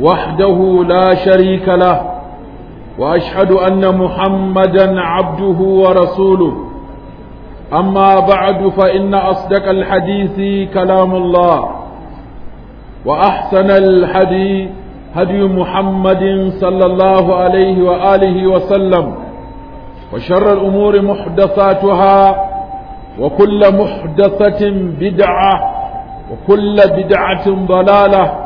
وحده لا شريك له واشهد ان محمدا عبده ورسوله اما بعد فان اصدق الحديث كلام الله واحسن الحديث هدي محمد صلى الله عليه واله وسلم وشر الامور محدثاتها وكل محدثه بدعه وكل بدعه ضلاله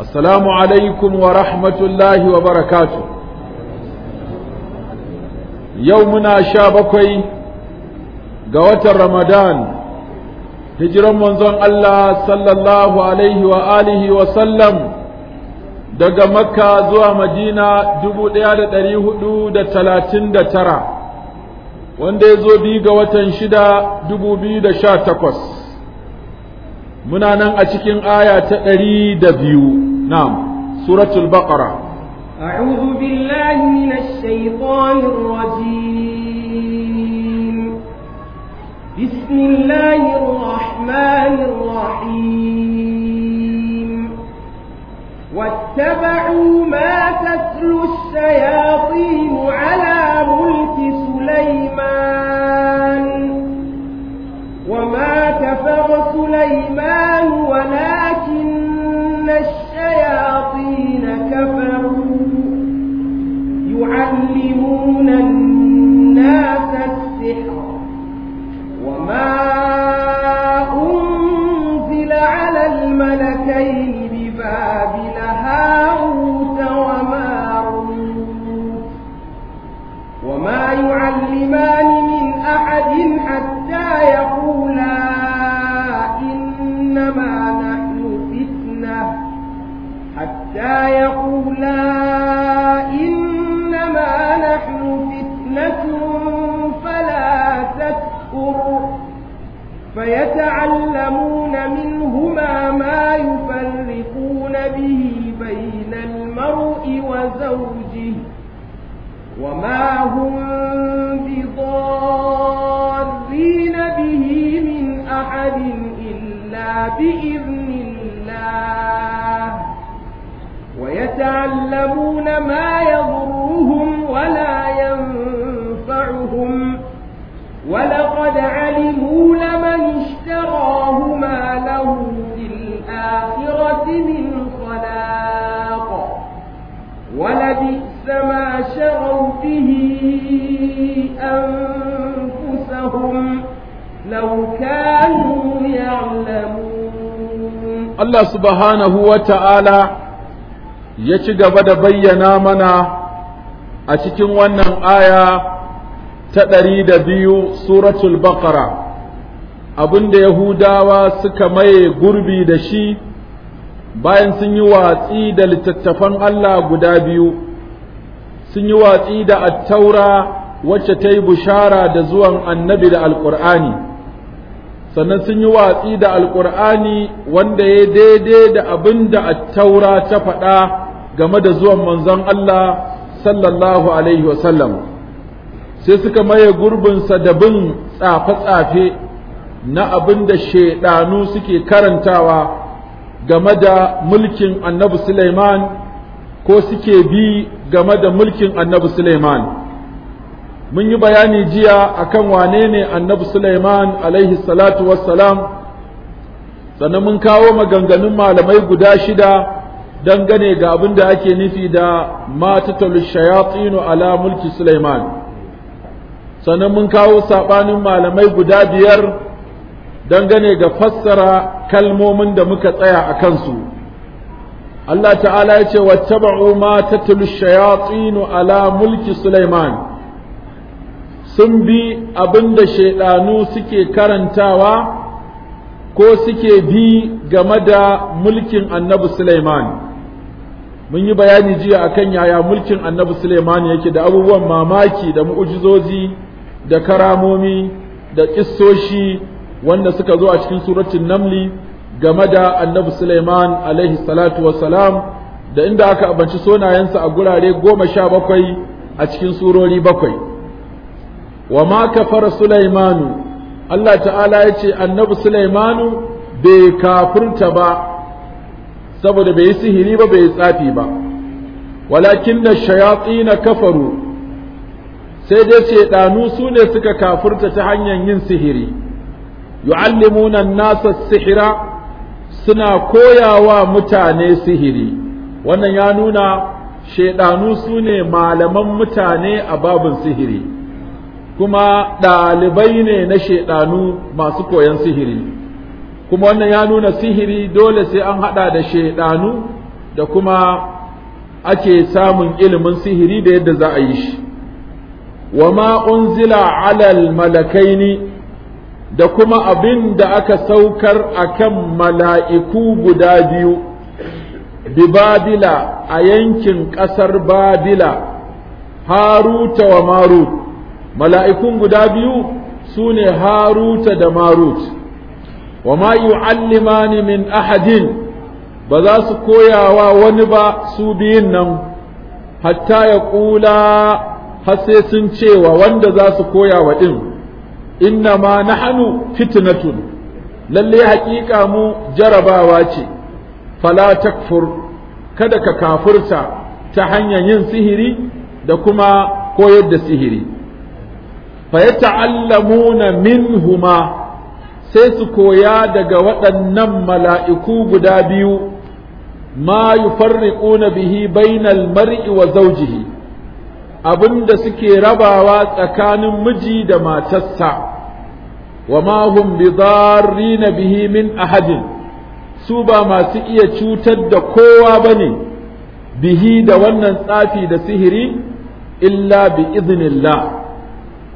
assalamu alaikum wa rahmatullahi wa barakatu yau muna sha bakwai ga watan ramadan hijiran manzon Allah sallallahu alaihi wa alihi wa sallam daga makka zuwa madina dubu ɗaya da ɗari hudu da talatin da tara wanda ya zo biyu ga watan shida dubu biyu da sha takwas muna nan a cikin aya ta ɗari da biyu na'am suratul baqara a'udhu billahi minash الشيطان rajim bismillahir rahmanir rahim يعلمون ما يضرهم ولا ينفعهم ولقد علموا لمن اشتراه ما له في الآخرة من خلاق ولبئس ما شروا به أنفسهم لو كانوا يعلمون الله سبحانه وتعالى ya ci gaba da bayyana mana a cikin wannan aya ta ɗari da biyu suratul baqara abinda yahudawa suka maye gurbi da shi bayan sun yi watsi da littattafan Allah guda biyu sun yi watsi da attaura wacce ta yi bushara da zuwan annabi da alƙur'ani sannan sun yi watsi da alƙur'ani wanda ya daidai da abin da attaura ta faɗa game da zuwan manzon Allah sallallahu alaihi wasallam sai suka maye gurbin sa da bin tsafe-tsafe na abin da shaidanu suke karantawa game da mulkin annabi Sulaiman ko suke bi game da mulkin annabi Sulaiman mun yi bayani jiya akan wane ne annabi Sulaiman alaihi salatu wassalam sannan mun kawo maganganun malamai guda shida dangane ga abin da ake nufi da matatul shayatinu ala mulki Sulaiman sannan mun kawo saɓanin malamai guda biyar dangane ga fassara kalmomin da muka tsaya a kansu Allah ta'ala ya ce wattaba'u ma tatul shayatinu ala mulki Sulaiman sun bi abin da shaiɗanu suke karantawa ko suke bi game da mulkin annabi Sulaiman mun yi bayani jiya akan yaya mulkin annabi Suleiman yake da abubuwan mamaki da mu'ujizozi da karamomi da kissoshi wanda suka zo a cikin suratun namli game da annabi Suleiman alaihi salatu wassalam da inda aka abanci sonayensa a gurare goma sha bakwai a cikin surori bakwai wa ma kafara Suleimanu Allah ta'ala ya ce annabi Suleimanu bai kafirta ba saboda bai yi sihiri ba bai yi tsafi ba walakin da shayatsi na kafaru sai dai shaidanu su ne suka kafurta ta hanyar yin sihiri yu'allimuna nasa sihira suna koyawa mutane sihiri wannan ya nuna shaiɗanu su ne malaman mutane a babin sihiri kuma ɗalibai ne na shaiɗanu masu koyon sihiri kuma wannan ya nuna sihiri dole sai an hada da shaidanu da kuma ake samun ilimin sihiri da yadda za a yi shi wa ma unzila alal malakaini da kuma abin da aka saukar akan mala'iku guda biyu bi babila a yankin ƙasar babila haruta wa marut mala'ikun guda biyu su ne haruta da marut wa ma yu'allimani min ahadin ba za su koyawa wani ba su biyun nan hatta ya kula har sai sun cewa wanda za su koyawa din inna ma nahnu fitnatun lalle haƙiƙa mu jarabawa ce fala takfur kada ka kafurta ta hanyar yin sihiri da kuma koyar da sihiri fa min minhuma sai su koya daga waɗannan mala'iku guda biyu ma yufarriquna bihi bainal mar'i wa zawjihi abinda suke rabawa tsakanin miji da matarsa wa ma hum na bihi min ahadin su ba masu iya cutar da kowa bane bihi da wannan tsafi da sihiri illa bi iznillah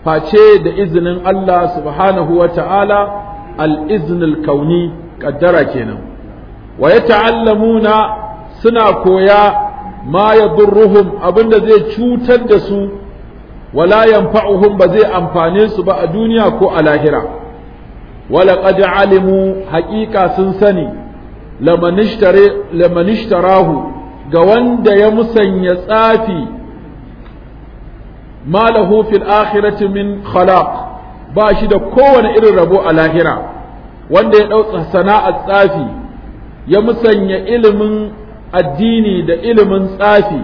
face da izinin Allah subhanahu wa ta'ala al-izn kauni ƙaddara kenan wa ta'allamuna suna koya ma yadurruhum abinda zai cutar da su wala yanfa'uhum ba zai amfane su ba a duniya ko a lahira wala qad alimu haqiqa sun sani lamanishtare lamanishtarahu ga wanda ya musanya tsafi malahu fil akhirati min khalaq ba shi da kowane irin rabo a lahira wanda ya ɗauka sana'ar tsafi ya musanya ilimin addini da ilimin tsafi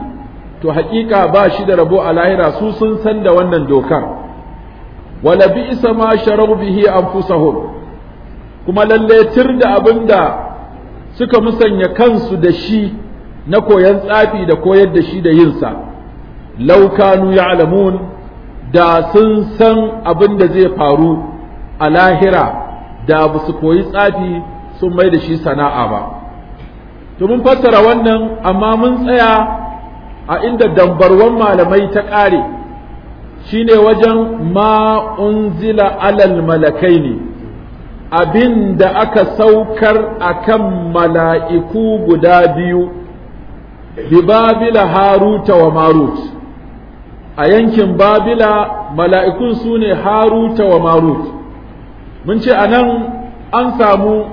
to haƙiƙa ba shi da rabo a lahira su sun san da wannan dokar wala bi isa ma sharau bihi anfusahum kuma lalle tir da abin da suka musanya kansu da shi na koyan tsafi da koyar da shi da yinsa law kanu ya'lamun da sun san abin da zai faru a lahira da ba su koyi tsafi sun mai da shi sana'a ba to mun fassara wannan amma mun tsaya a inda dambarwan malamai ta ƙare shine wajen ma'unzila alal malakai ne abin da aka saukar a kan mala'iku guda biyu bibabila haruta wa marut a yankin babila mala'ikun su ne haruta wa marut mun ce a nan an samu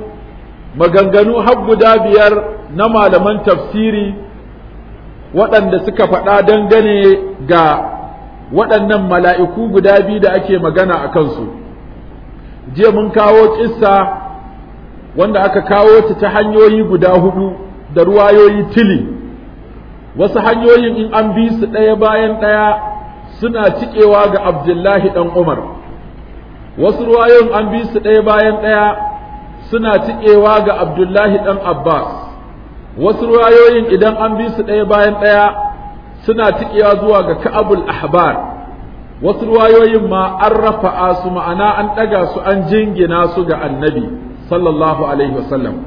maganganu har guda biyar na malaman tafsiri waɗanda suka faɗa dangane ga waɗannan mala'iku guda biyu da ake magana a kansu jiya mun kawo ƙissa wanda aka kawo ta ta hanyoyi guda hudu da ruwayoyi tili wasu hanyoyin in an bi su ɗaya bayan ɗaya suna cikewa ga abdullahi ɗan umar wasu ruwayoyin an bi su ɗaya bayan ɗaya suna cikewa ga abdullahi ɗan abbas wasu ruwayoyin idan an bi su ɗaya bayan ɗaya suna cikewa zuwa ga ka'abul ahbar wasu ruwayoyin ma an rafa su ma'ana an ɗaga su an jingina su ga annabi sallallahu alaihi wasallam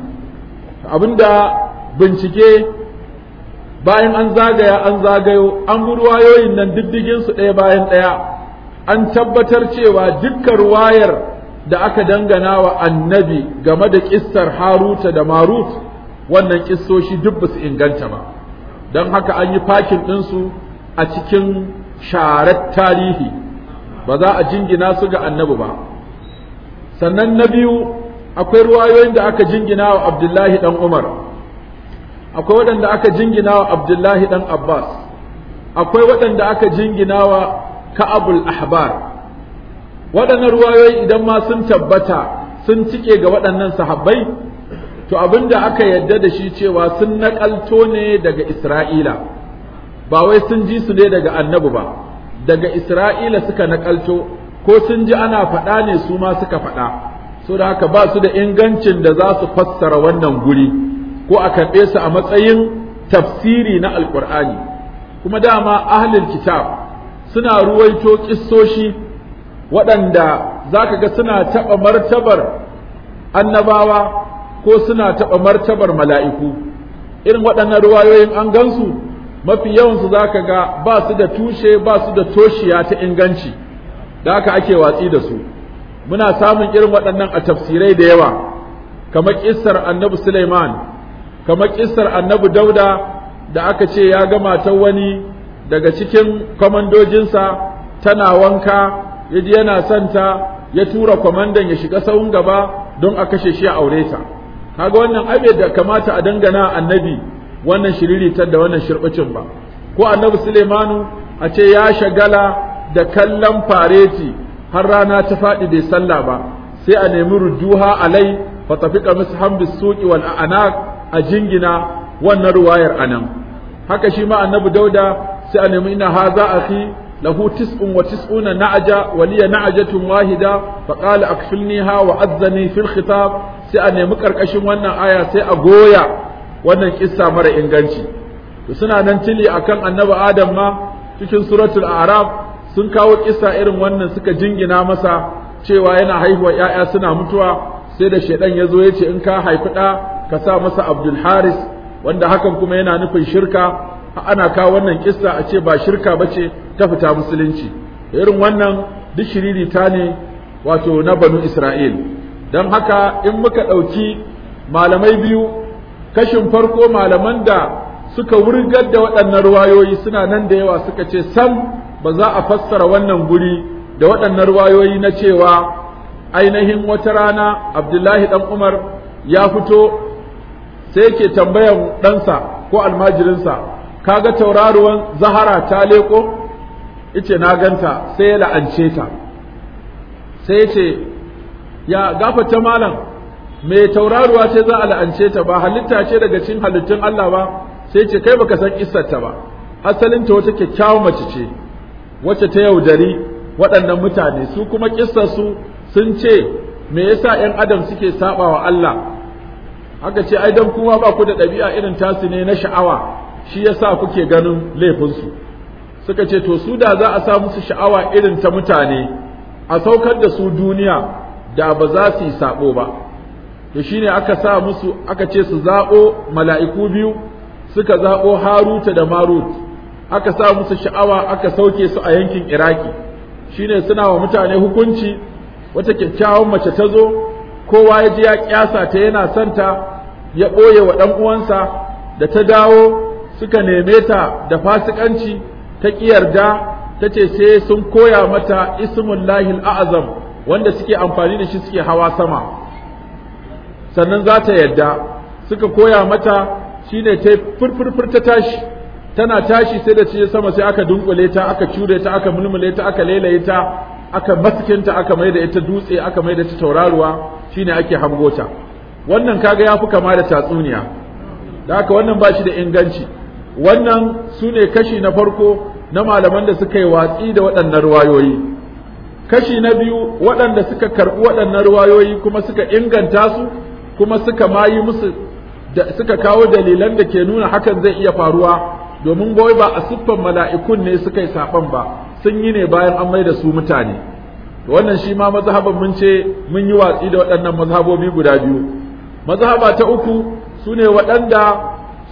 abinda bincike bayan an zagaya an zagayo an bi ruwayoyin nan diddigin su ɗaya bayan ɗaya an tabbatar cewa dukkan ruwayar da aka dangana wa annabi game da kissar haruta da marut wannan kissoshi duk ba su inganta ba don haka an yi fakin su a cikin sharar tarihi ba za a jingina su ga annabi ba sannan na biyu akwai ruwayoyin da aka jingina wa abdullahi ɗan umar akwai waɗanda aka jingina wa abdullahi ɗan abbas akwai waɗanda aka jingina wa ka'abul ahbar waɗannan ruwayoyi idan ma sun tabbata sun cike ga waɗannan sahabbai to abin da aka yadda da shi cewa sun naƙalto ne daga isra'ila ba wai sun ji su ne daga annabi ba daga isra'ila suka naƙalto ko sun ji ana faɗa ne su ma suka faɗa so da haka ba su da ingancin da za su fassara wannan guri ko a karɓe su a matsayin tafsiri na Alƙur'ani. kuma dama ahlul kitab suna ruwaito kissoshi waɗanda za ka ga suna taɓa martabar annabawa ko suna taɓa martabar mala'iku irin waɗannan ruwayoyin an gansu mafi yawansu za ka ga ba su da tushe ba su da toshiya ta inganci da haka ake watsi da su muna samun irin waɗannan a tafsirai da yawa kamar ƙissar annabi Suleiman kamar kissar annabi dauda da aka ce ya gamata ta wani daga cikin kwamandojinsa tana wanka ya ji yana santa ya tura kwamandan ya shiga sawun gaba don a kashe shi a aure ta kaga wannan abin da kamata a dangana annabi wannan shiriritar da wannan shirbicin ba ko annabi Suleimanu a ce ya shagala da kallon fareti har rana ta faɗi bai sallah ba sai a nemi ruduha alai fa tafiqa mishan bisuqi wal anaq a jingina wannan ruwayar anan haka shi ma annabi dauda sai a nemi ina haza fi lahu tis'un wa tis'una na'aja wa liya na'ajatun wahida fa qala akfilniha wa azzani fil khitab sai a nemi karkashin wannan aya sai a goya wannan kissa mara inganci to suna nan tili akan annabi adam ma cikin suratul a'raf sun kawo kissa irin wannan suka jingina masa cewa yana haihuwa ‘ya'ya suna mutuwa sai da shedan ya zo ya ce in ka haifi ɗa ka sa masa abdul haris wanda hakan kuma yana nufin shirka ana kawo wannan kissa a ce ba shirka ba ce ta fita musulunci irin wannan duk shiriri ta ne wato na banu isra'il dan haka in muka ɗauki malamai biyu kashin farko malaman da suka wurgar da waɗannan ruwayoyi suna nan da yawa suka ce sam ba za a fassara wannan guri da waɗannan ruwayoyi na cewa ainihin wata rana abdullahi Dan umar ya fito sai yake tambayan ɗansa ko almajirinsa kaga tauraruwan zahara ta leko ice na ganta sai ya la'ance ta sai ya ce ya gafata malam mai tauraruwa ce za a la'ance ta ba halitta ce daga cikin halittun Allah ba sai ce kai baka san ta ba asalinta wata kyakkyawar mace ce wacce ta yaudari waɗannan mutane su kuma su sun ce me yasa 'yan adam suke saɓawa Allah haka ce ai dan kuma ba ku da ɗabi'a irin tasu ne na sha'awa shi yasa kuke ganin laifinsu suka ce to su da za a sa musu sha'awa irin ta mutane a saukar da su duniya da ba za su yi sabo ba to shine aka sa musu aka ce su zaɓo mala'iku biyu suka zaɓo haruta da marut aka sa musu sha'awa aka sauke su a yankin iraki shine suna wa mutane hukunci wata kyakkyawan mace ta zo kowa ya ji ya kyasa ta yana santa ya ɓoye wa ɗan uwansa da ta dawo suka neme ta da fasikanci ta ƙiyarda ta ce sai sun koya mata lahil a'azam wanda suke amfani da shi suke hawa sama sannan za ta yadda suka koya mata shine ta furfurfur ta tashi tana tashi sai da ce sama sai aka dunkule ta aka cure ta aka mulmule ta aka lelaye ta aka maskinta aka mai da ita dutse aka mai da ta tauraruwa shine ake hango ta wannan kaga ya fi kama da tatsuniya da haka wannan ba shi da inganci wannan su ne kashi na farko na malaman da suka yi watsi da waɗannan ruwayoyi kashi na biyu waɗanda suka karɓi waɗannan ruwayoyi kuma suka inganta su kuma suka mayi musu da suka kawo dalilan da ke nuna hakan zai iya faruwa domin goyi ba a siffan mala'ikun ne suka yi saɓan ba sun yi ne bayan an mai da su mutane wannan shi ma mazhabin mun ce mun yi watsi da waɗannan mazhabobi guda biyu mazhaba ta uku sune waɗanda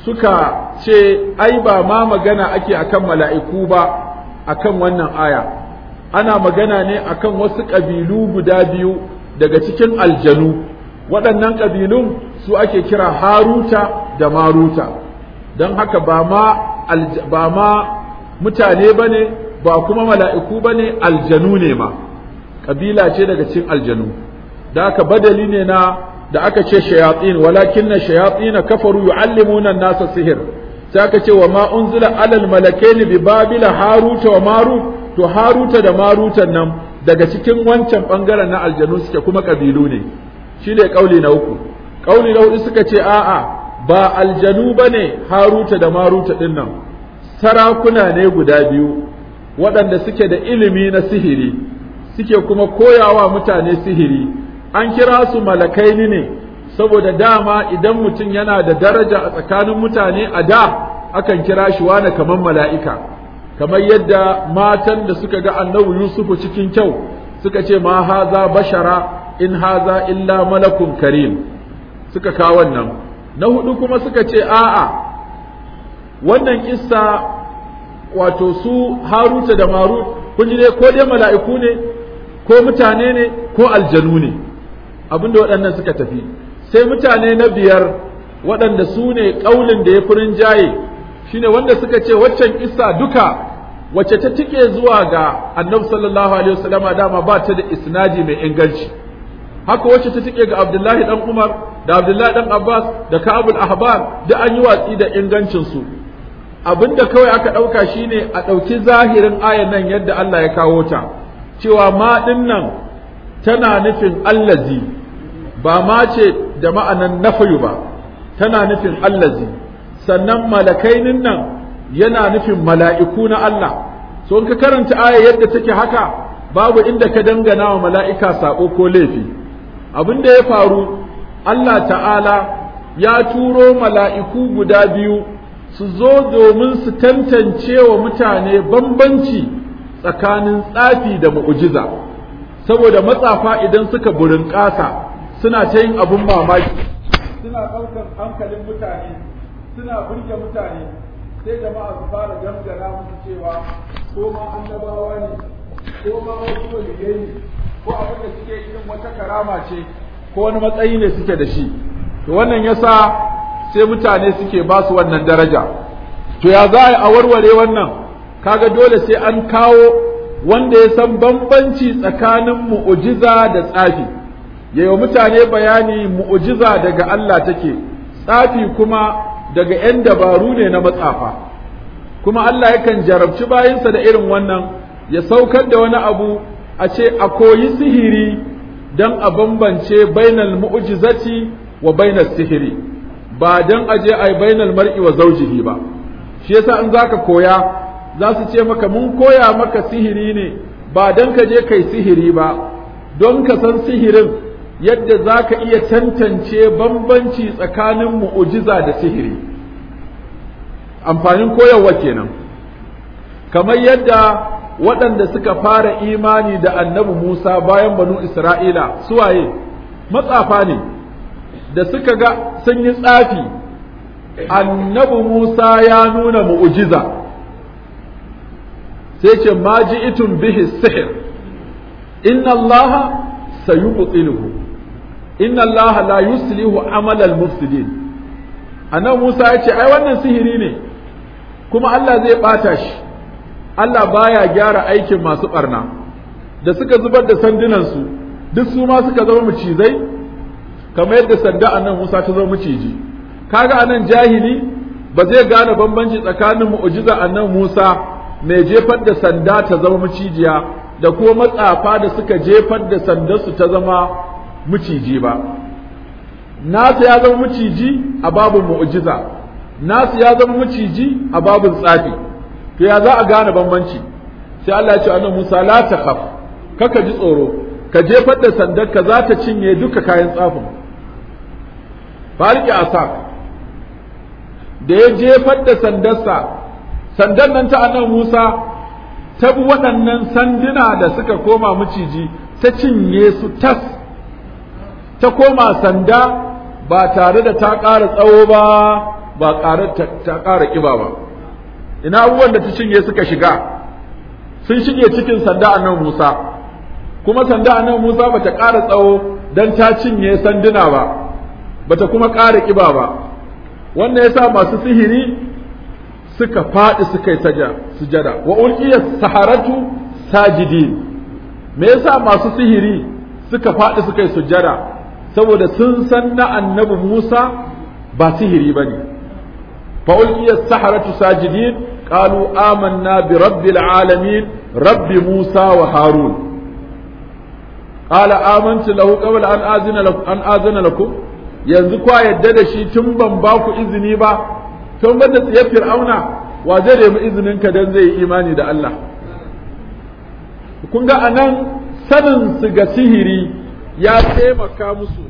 suka ce ai ba ma magana ake akan mala'iku ba akan wannan aya ana magana ne akan wasu ƙabilu guda biyu daga cikin aljanu waɗannan ƙabilun su ake kira haruta da maruta don haka ba ma ba ma mutane ba ne ba kuma mala'iku ba ne aljanu ne ma ƙabila ce daga cikin aljanu da haka badali ne na da aka ce shayatin na shayatin kafaru yuallimuna an-nasa sihir sai aka ce wa ma unzila alal Malakeni bi babila haruta wa marut to haruta da marutan nan daga cikin wancan bangaren na aljanu suke kuma kabilu ne shine kauli na uku kauli na hudu suka ce a'a ba aljanu bane haruta da maruta din nan sarakuna ne guda biyu waɗanda suke da ilimi na sihiri suke kuma koyawa mutane sihiri an kira su malakaini ne saboda dama idan mutum yana da daraja a tsakanin mutane a da akan kira shi wani kamar mala'ika kamar yadda matan da suka ga annabi yusufu cikin kyau suka ce ma haza bashara in haza illa malakun karim suka kawo wannan na hudu kuma suka ce a'a wannan kissa wato su haruta da marut kun ji dai ko dai mala'iku ne ko mutane ne ko aljanu ne abinda waɗannan suka tafi sai mutane na biyar waɗanda su ne ƙaunin da ya fi rinjaye shine wanda suka ce waccan isa duka wacce ta tike zuwa ga annabi sallallahu alaihi wasallama dama ba ta da isnadi mai inganci haka wacce ta tike ga abdullahi ɗan umar da abdullahi dan abbas da kabul ahbar da an yi watsi da ingancin su abinda kawai aka ɗauka shine a ɗauki zahirin ayan nan yadda Allah ya kawo ta cewa maɗin nan tana nufin allazi ba ma ce da ma'anan nafayu ba tana nufin allazi sannan malakainin nan yana nufin mala'iku na Allah so in ka karanta aya yadda take haka babu inda ka dangana wa mala'ika sako ko laifi abin da ya faru Allah ta'ala ya turo mala'iku guda biyu su zo domin su tantance wa mutane bambanci tsakanin tsafi da mu'ujiza saboda matsafa idan suka burin ƙasa suna ta yin abun mamaki suna ɗaukar hankalin mutane suna burge mutane sai jama'a su fara gamgara musu cewa ko ma annabawa ne ko ma wasu waliyai ne ko abin da suke irin wata karama ce ko wani matsayi ne suke da shi to wannan yasa sai mutane suke ba su wannan daraja to ya za a warware wannan kaga dole sai an kawo wanda ya san bambanci tsakanin mu'ujiza da tsafi yi mutane bayani mu'ujiza daga Allah take tsafi kuma daga ‘yan dabaru ne na matsafa kuma Allah yakan jarabci bayansa da irin wannan ya saukar da wani abu a ce a koyi sihiri don a bambance bainal mu'jizati wa bainal sihiri ba don aje a yi bainal mar'i wa zaujihi ba shi yasa in zaka koya za su ce maka mun koya maka sihiri ne ba don ka je kai sihiri ba don ka san sihirin yadda za ka iya tantance bambanci tsakanin mu'ujiza da sihiri amfanin koyarwa kenan kamar yadda waɗanda suka fara imani da annabi Musa bayan banu Isra'ila suwaye matsafa ne da suka ga sun yi tsafi annabi Musa ya nuna mu'ujiza sai ce ma ji bihi sihir inna allaha sayubtiluhu inna allaha la yuslihu amalal mufsidin annabi Musa ya ce ai wannan sihiri ne kuma Allah zai bata shi Allah baya gyara aikin masu barna da suka zubar da sandunansu duk su ma suka zama macizai kamar yadda sanda nan Musa ta zama maciji kaga anan jahili ba zai gane bambanci tsakanin mu'jiza nan Musa mai jefar da sanda ta zama macijiya da kuma matsafa da suka jefar da sandarsu ta zama miciji ba nasu ya zama miciji a babin mu'ujiza. nasu ya zama miciji a babin tsafi to ya za a gane bambanci sai Allah ya ce annabi Musa la takhaf kaka ji tsoro ka je da sandar ka za ta cinye duka kayan tsafin farki Asa da ya jefar da sandarsa sandar nan ta annabi Musa ta bi waɗannan sanduna da suka koma miciji ta cinye su tas ta koma sanda ba tare da ta ƙara tsawo ba ba ta ƙara ƙiba ba ina abubuwan da ta cinye suka shiga sun shige cikin sanda annabi Musa kuma sanda annabi Musa ba ta ƙara tsawo dan ta cinye sanduna ba Ba ta kuma ƙara ƙiba ba wannan yasa masu sihiri suka faɗi suka yi sujada wa ulqiya saharatu sajidin me yasa masu sihiri suka faɗi suka yi sujada saboda sun san na annabi Musa ba sihiri bane fa ulqiya saharatu sajidin ƙalu amanna bi rabbil alamin rabbi Musa wa Harun ƙala amantu lahu qabla an azina lakum yanzu kwa yadda da shi tun ban ba ku izini ba tun banda tsiyar fir'auna wa zai nemi izinin ka dan zai yi imani da Allah kun ga anan sanin su ga sihiri ya taimaka musu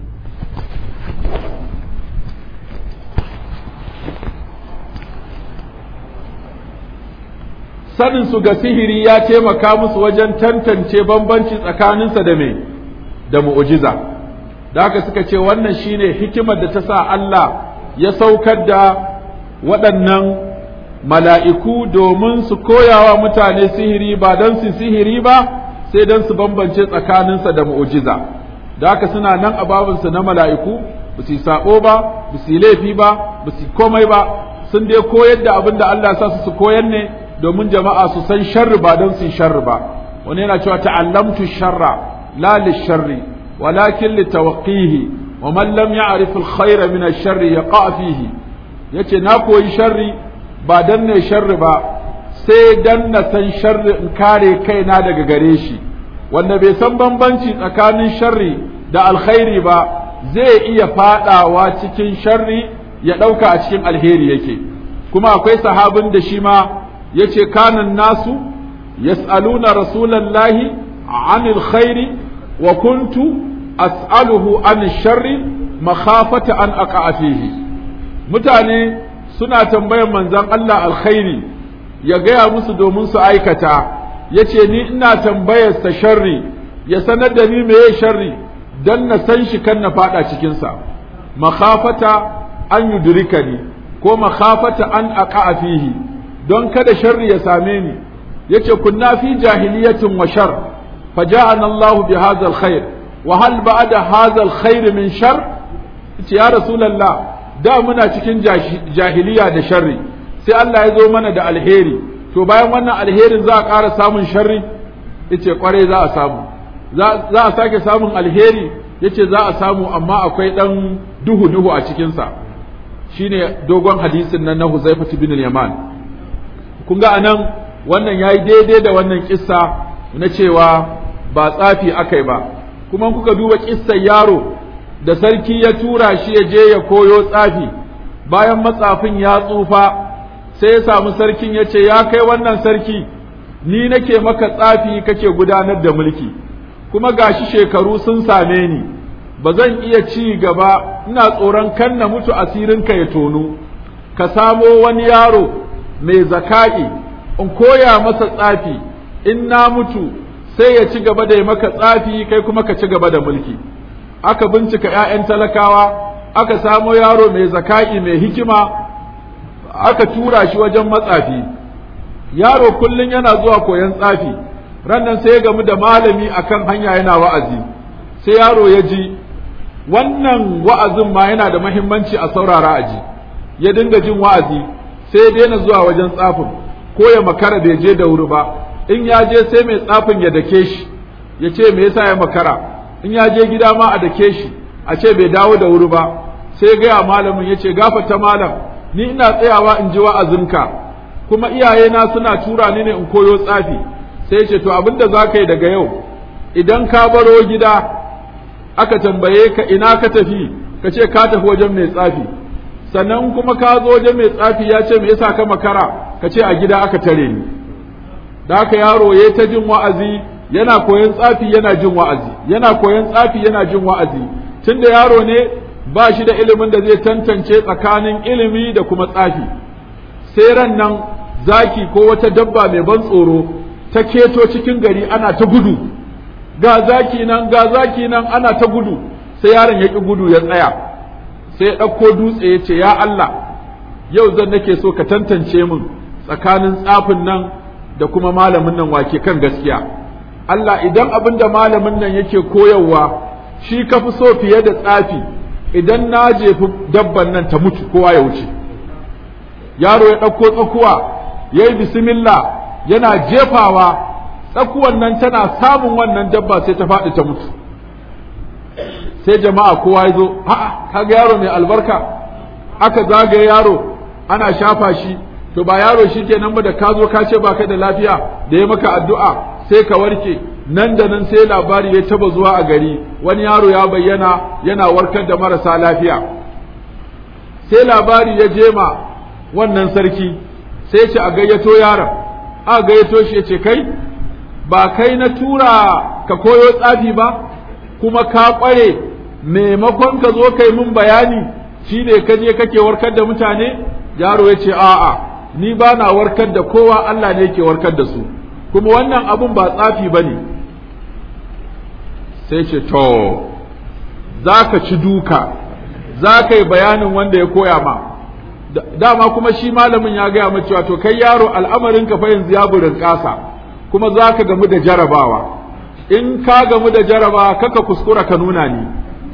saninsu ga sihiri ya taimaka musu wajen tantance bambanci tsakaninsa da mai da mu'ujiza da haka suka ce wannan shine hikimar da ta sa Allah ya saukar da waɗannan mala'iku domin su koyawa mutane sihiri ba don su sihiri ba sai don su bambance tsakaninsa da mu'ujiza da haka suna nan a babinsu na mala'iku ba su sabo ba ba su laifi ba ba su komai ba sun dai koyar da abin da Allah sa su su koyar ne domin jama'a su san sharri ba don su sharri ba wani yana cewa ta'allamtu sharra la lisharri walakin litawqihi wa man lam ya'rif al-khayra min ash-sharri yaqa fihi yace na koyi sharri ba dan ne sharri ba sai dan na san sharri in kare kaina daga gare shi wanda bai san bambanci tsakanin sharri da alkhairi ba zai iya fadawa cikin sharri ya ɗauka a cikin alheri yake kuma akwai sahabin da shi ma ya ce kanan nasu yas'aluna rasulallahi anil khairi wa kuntu as'aluhu an sharri makhafata an aqa'a fihi mutane suna tambayan manzon Allah alkhairi ya gaya musu domin su aikata yace ni ina tambayarsa sharri ya sanar da ni meye sharri dan na san shi kan na fada cikin sa makhafata yudurika ni ko makhafata an aqa fihi don kada sharri ya same ni yace kunna fi jahiliyatin wa shar faja'ana Allah bi hadha alkhair wa hal ba'da hadha alkhair min shar yace ya rasulullah da muna cikin jahiliya da sharri sai Allah ya zo mana da alheri to bayan wannan alherin za a ƙara samun sharri yace kwarai za a samu za a sake samun alheri yace za a samu amma akwai ɗan duhu duhu a cikin sa shine dogon hadisin nan na huzaifa bin Yaman kun ga anan wannan yayi daidai da wannan kissa na cewa ba tsafi akai ba kuma kuka duba kissar yaro da sarki ya tura shi ya je ya koyo tsafi bayan matsafin ya tsufa sai ya samu sarkin ya ce ya kai wannan sarki ni nake maka tsafi kake gudanar da mulki kuma gashi shekaru sun same ni ba zan iya ci gaba ina tsoron kan na mutu ka ya tonu ka samo wani yaro mai zaka'i in koya masa tsafi in na mutu sai ya ci gaba da ya maka tsafi kai kuma ka ci gaba da mulki aka bincika 'ya'yan talakawa aka samo yaro mai zaka'i mai hikima aka tura shi wajen matsafi yaro kullum yana zuwa koyan tsafi rannan sai ya gamu da malami akan hanya yana wa'azi sai yaro ya ji wannan wa'azin ma yana da mahimmanci a saurara a ji ya dinga jin wa'azi sai ya daina zuwa wajen tsafin ko ya makara bai je da wuri ba in ya je sai mai tsafin ya dake shi ya ce me yasa ya makara in ya je gida ma a dake shi a ce bai dawo da wuri ba sai gaya malamin ya ce gafata malam ni ina tsayawa in ji wa'azin ka. kuma iyayena suna tura ni ne in koyo tsafi sai ce to da za ka yi daga yau idan ka baro gida aka tambaye ka ina ka tafi ka ce ka tafi wajen mai tsafi sannan kuma ka zo wajen mai tsafi ya ce me yasa ka makara ka ce a gida aka tare ni da haka yaro ya ta jin wa'azi yana koyon tsafi yana jin wa'azi yana koyon tsafi yana jin wa'azi tunda yaro ne ba shi da ilimin da zai tantance tsakanin ilimi da kuma tsafi sai ran nan zaki ko wata dabba mai ban tsoro ta keto cikin gari ana ta gudu ga zaki nan ga zaki nan ana ta gudu sai yaron ya ki gudu ya tsaya sai ya ɗauko dutse ya ce ya Allah yau zan nake so ka tantance min tsakanin tsafin nan da kuma malamin nan wake kan gaskiya Allah idan abin da malamin nan yake koyarwa shi ka fi so fiye da tsafi idan na jefi dabban nan ta mutu kowa ya wuce yaro ya ɗauko tsakuwa ya yi bismillah yana jefawa tsakuwan nan tana samun wannan dabba sai ta faɗi ta mutu sai jama'a kowa ya zo a'a kaga yaro mai albarka aka zagaye yaro ana shafa shi to ba yaro shi kenan ba da ka zo ka ce ba ka da lafiya da ya maka addu'a sai ka warke nan da nan sai labari ya taba zuwa a gari wani yaro ya bayyana yana warkar da marasa lafiya sai labari ya jema wannan sarki sai ce a gayyato yaron a gayyato shi ya ce kai ba kai na tura ka koyo tsafi ba kuma ka kware maimakon ka zo kai mun bayani shi ne ka je kake warkar da mutane yaro ya ce a'a ni ba na warkar da kowa Allah ne ke warkar da su kuma wannan abun ba tsafi ba ne sai ce to za ci duka za yi bayanin wanda ya koya ma dama kuma shi malamin ya gaya mace cewa to kai yaro al'amarin ka fa yanzu ya burin kasa kuma zaka ka gamu da jarabawa in ka gamu da jarabawa kaka kuskura ka nuna ni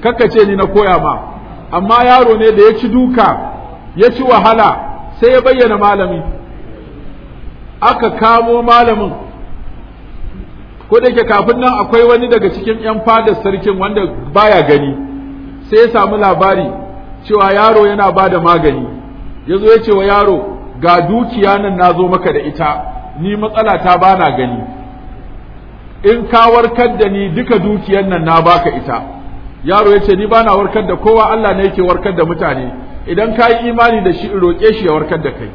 kaka ce ni na koya ma amma yaro ne da ya ci duka ya ci wahala sai ya bayyana malami aka kamo malamin ko da yake kafin nan akwai wani daga cikin yan fadar sarkin wanda baya gani sai ya samu labari cewa yaro yana ba da magani ya zo ya ce wa yaro ga dukiya nan na zo maka da ita ni matsala ta ba na gani in ka warkar da ni duka dukiyar nan na baka ita yaro ya ce ni bana warkar da kowa Allah ne yake warkar da mutane idan ka yi imani da shi in roƙe shi ya warkar da kai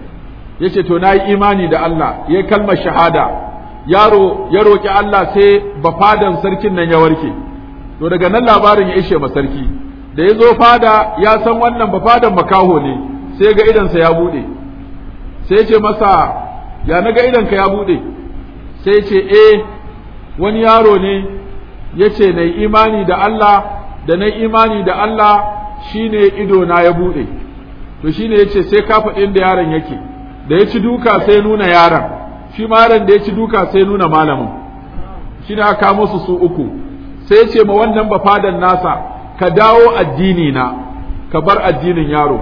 ya ce to na yi imani da Allah ya kalma shahada yaro ya roki Allah sai ba fadan sarkin nan ya warke to daga nan labarin ya ishe ma sarki da ya zo fada ya san wannan ba fadan makaho ne sai ga idansa ya buɗe. sai ya ce masa ya naga idanka ya buɗe? sai ya ce eh wani yaro ne ya ce na imani da Allah da na imani da Allah shine ido na ya buɗe? to shine ya ce sai ka faɗin da yaron yake da ya ci duka sai nuna yaron shi malam da ya ci duka sai nuna malamin shi ne aka musu su uku sai ya ce ma wannan ba fadan nasa ka dawo addini na ka bar addinin yaro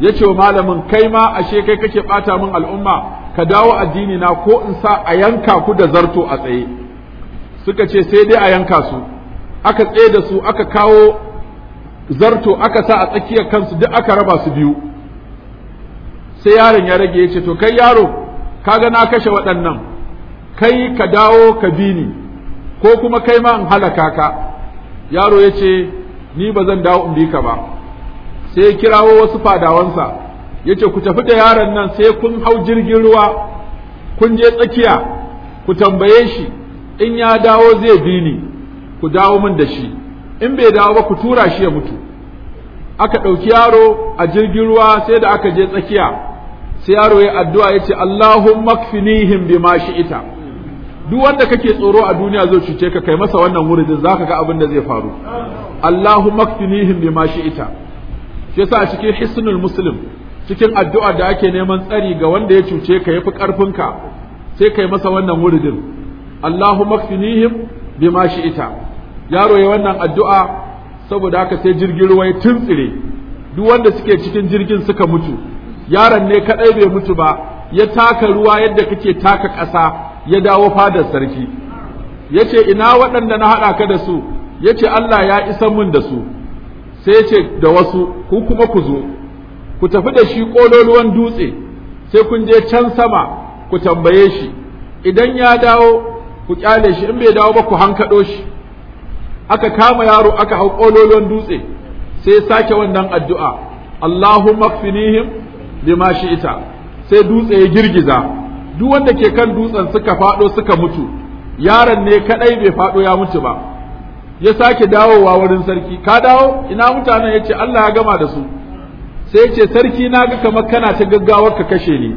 ya ce wa malamin kai ma ashe kai kake bata min al'umma ka dawo addini na ko in sa a yanka ku da zarto a tsaye suka ce sai dai a yanka su aka tsaye da su aka kawo zarto aka sa a tsakiyar kansu duk aka raba su biyu sai yaron ya rage ya ce to kai yaro kaga na kashe waɗannan kai ka dawo ka bi ni ko kuma kai ma in halaka ka yaro ya ce ni ba zan dawo in bi ka ba sai ya kirawo wasu fadawansa ya ce ku tafi da yaron nan sai kun hau jirgin ruwa kun je tsakiya ku tambaye shi in ya dawo zai bi ni ku dawo min da shi in bai dawo ba ku tura shi ya mutu aka ɗauki yaro a jirgin ruwa sai da aka je tsakiya sai yaro ya addu'a ya ce Allahumma kfinihim bima shi'ita duk wanda kake tsoro a duniya zai cuce ka kai masa wannan wuridin zaka ga abin da zai faru Allahumma kfinihim bima shi'ita shi yasa a cikin hisnul muslim cikin addu'a da ake neman tsari ga wanda ya cuce ka yafi karfin ka sai kai masa wannan wuridin Allahumma kfinihim bima shi'ita yaro ya wannan addu'a saboda haka sai jirgin ruwa ya tuntsire duk wanda suke cikin jirgin suka mutu yaron ne kadai bai mutu ba ya taka ruwa yadda kake taka ƙasa ya dawo fadar sarki yace ina waɗanda na haɗa ka da su yace Allah ya isa mun da su sai ce da wasu ku kuma ku zo ku tafi da shi ƙololuwan dutse sai kun je can sama ku tambaye shi idan ya dawo ku kyale shi in bai dawo ba ku hankaɗo shi aka kama yaro aka hau ƙololuwan dutse sai ya sake wannan addu'a Allahumma kfinihim bima ita sai dutse ya girgiza duk wanda ke kan dutsen suka fado suka mutu yaron ne kadai bai fado ya mutu ba ya sake dawowa wurin sarki ka dawo ina mutanen yace Allah ya gama da su sai yace sarki na ga kamar kana ta gaggawar ka kashe ni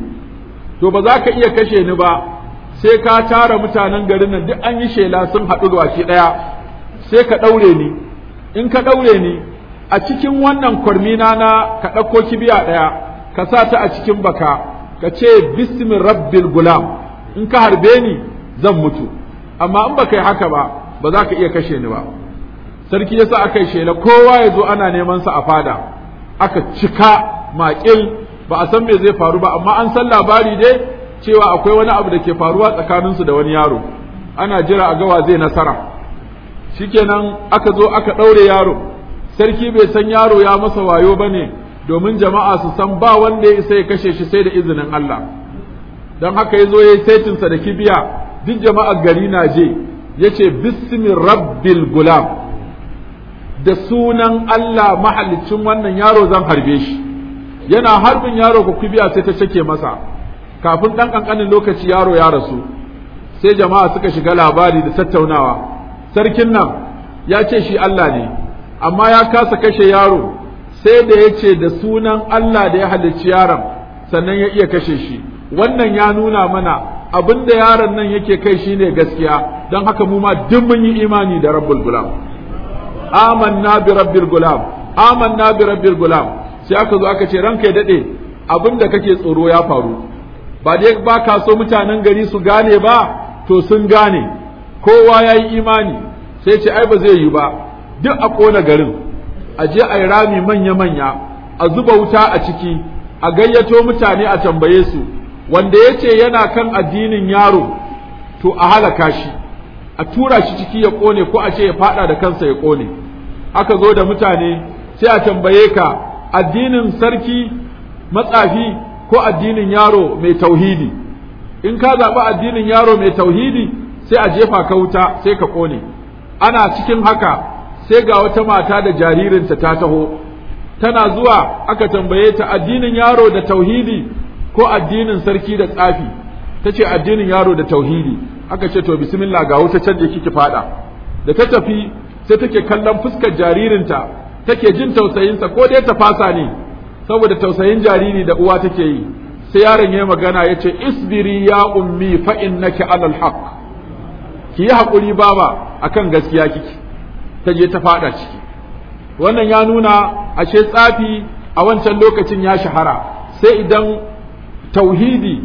to ba za ka iya kashe ni ba sai ka tara mutanen garin nan duk an yi shela sun haɗu da waki ɗaya sai ka ɗaure ni in ka ɗaure ni a cikin wannan kwarmina na ka ɗauko kibiya ɗaya ka sa ta a cikin baka ka ce bismi rabbil gulam in ka harbe ni zan mutu amma in baka yi haka ba ba za ka iya kashe ni ba sarki yasa aka yi shela kowa ya zo ana neman sa a fada aka cika maƙil ba a san me zai faru ba amma an san labari dai cewa akwai wani abu da ke faruwa tsakaninsu da wani yaro ana jira a gawa zai nasara shikenan aka zo aka ɗaure yaro sarki bai san yaro ya masa wayo ba ne domin jama'a su san ba wanda ya isa ya kashe shi sai da izinin Allah don haka ya zo ya yi saitinsa da kibiya duk jama'a gari na je ya ce rabbil gulam da sunan Allah mahalicin wannan yaro zan harbe shi yana harbin yaro ku kibiya sai ta cake masa kafin ɗan ƙanƙanin lokaci yaro ya rasu sai jama'a suka shiga labari da tattaunawa sarkin nan ya ce shi Allah ne amma ya kasa kashe yaro sai da ya ce da sunan Allah da ya halicci yaron sannan ya iya kashe shi wannan ya nuna mana abin da yaron nan yake kai shi ne gaskiya don haka mu ma duk mun yi imani da rabbul gulam amanna bi rabbil gulam amanna bi rabbil gulam sai aka zo aka ce ranka ya dade abin da kake tsoro ya faru ba dai ba ka so mutanen gari su gane ba to sun gane kowa ya yi imani sai ce ai ba zai yi ba duk a kona garin a je a yi rami manya-manya a zuba wuta a ciki a gayyato mutane a tambaye su wanda ya ce yana kan addinin yaro to a halaka shi a tura shi ciki ya ƙone ko a ce ya faɗa da kansa ya ƙone aka zo da mutane sai a tambaye ka addinin sarki matsafi ko addinin yaro mai tauhidi in ka zaɓi addinin yaro mai tauhidi sai a jefa ka wuta sai ka ƙone ana cikin haka sai ga wata mata da jaririnta ta taho tana zuwa aka tambaye ta addinin yaro da tauhidi ko addinin sarki da tsafi ta ce addinin yaro da tauhidi aka ce to bismillah ga wuta can da kike fada da ta tafi sai take kallon fuskar jaririnta take jin tausayinsa ko dai ta fasa ne saboda tausayin jariri da uwa take yi sai yaron ya magana ya ce isbiri ya ummi fa innaki alal haqq ki yi hakuri baba akan gaskiya kike ta je ta fada ciki wannan ya nuna ashe tsafi a wancan lokacin ya shahara sai idan tauhidi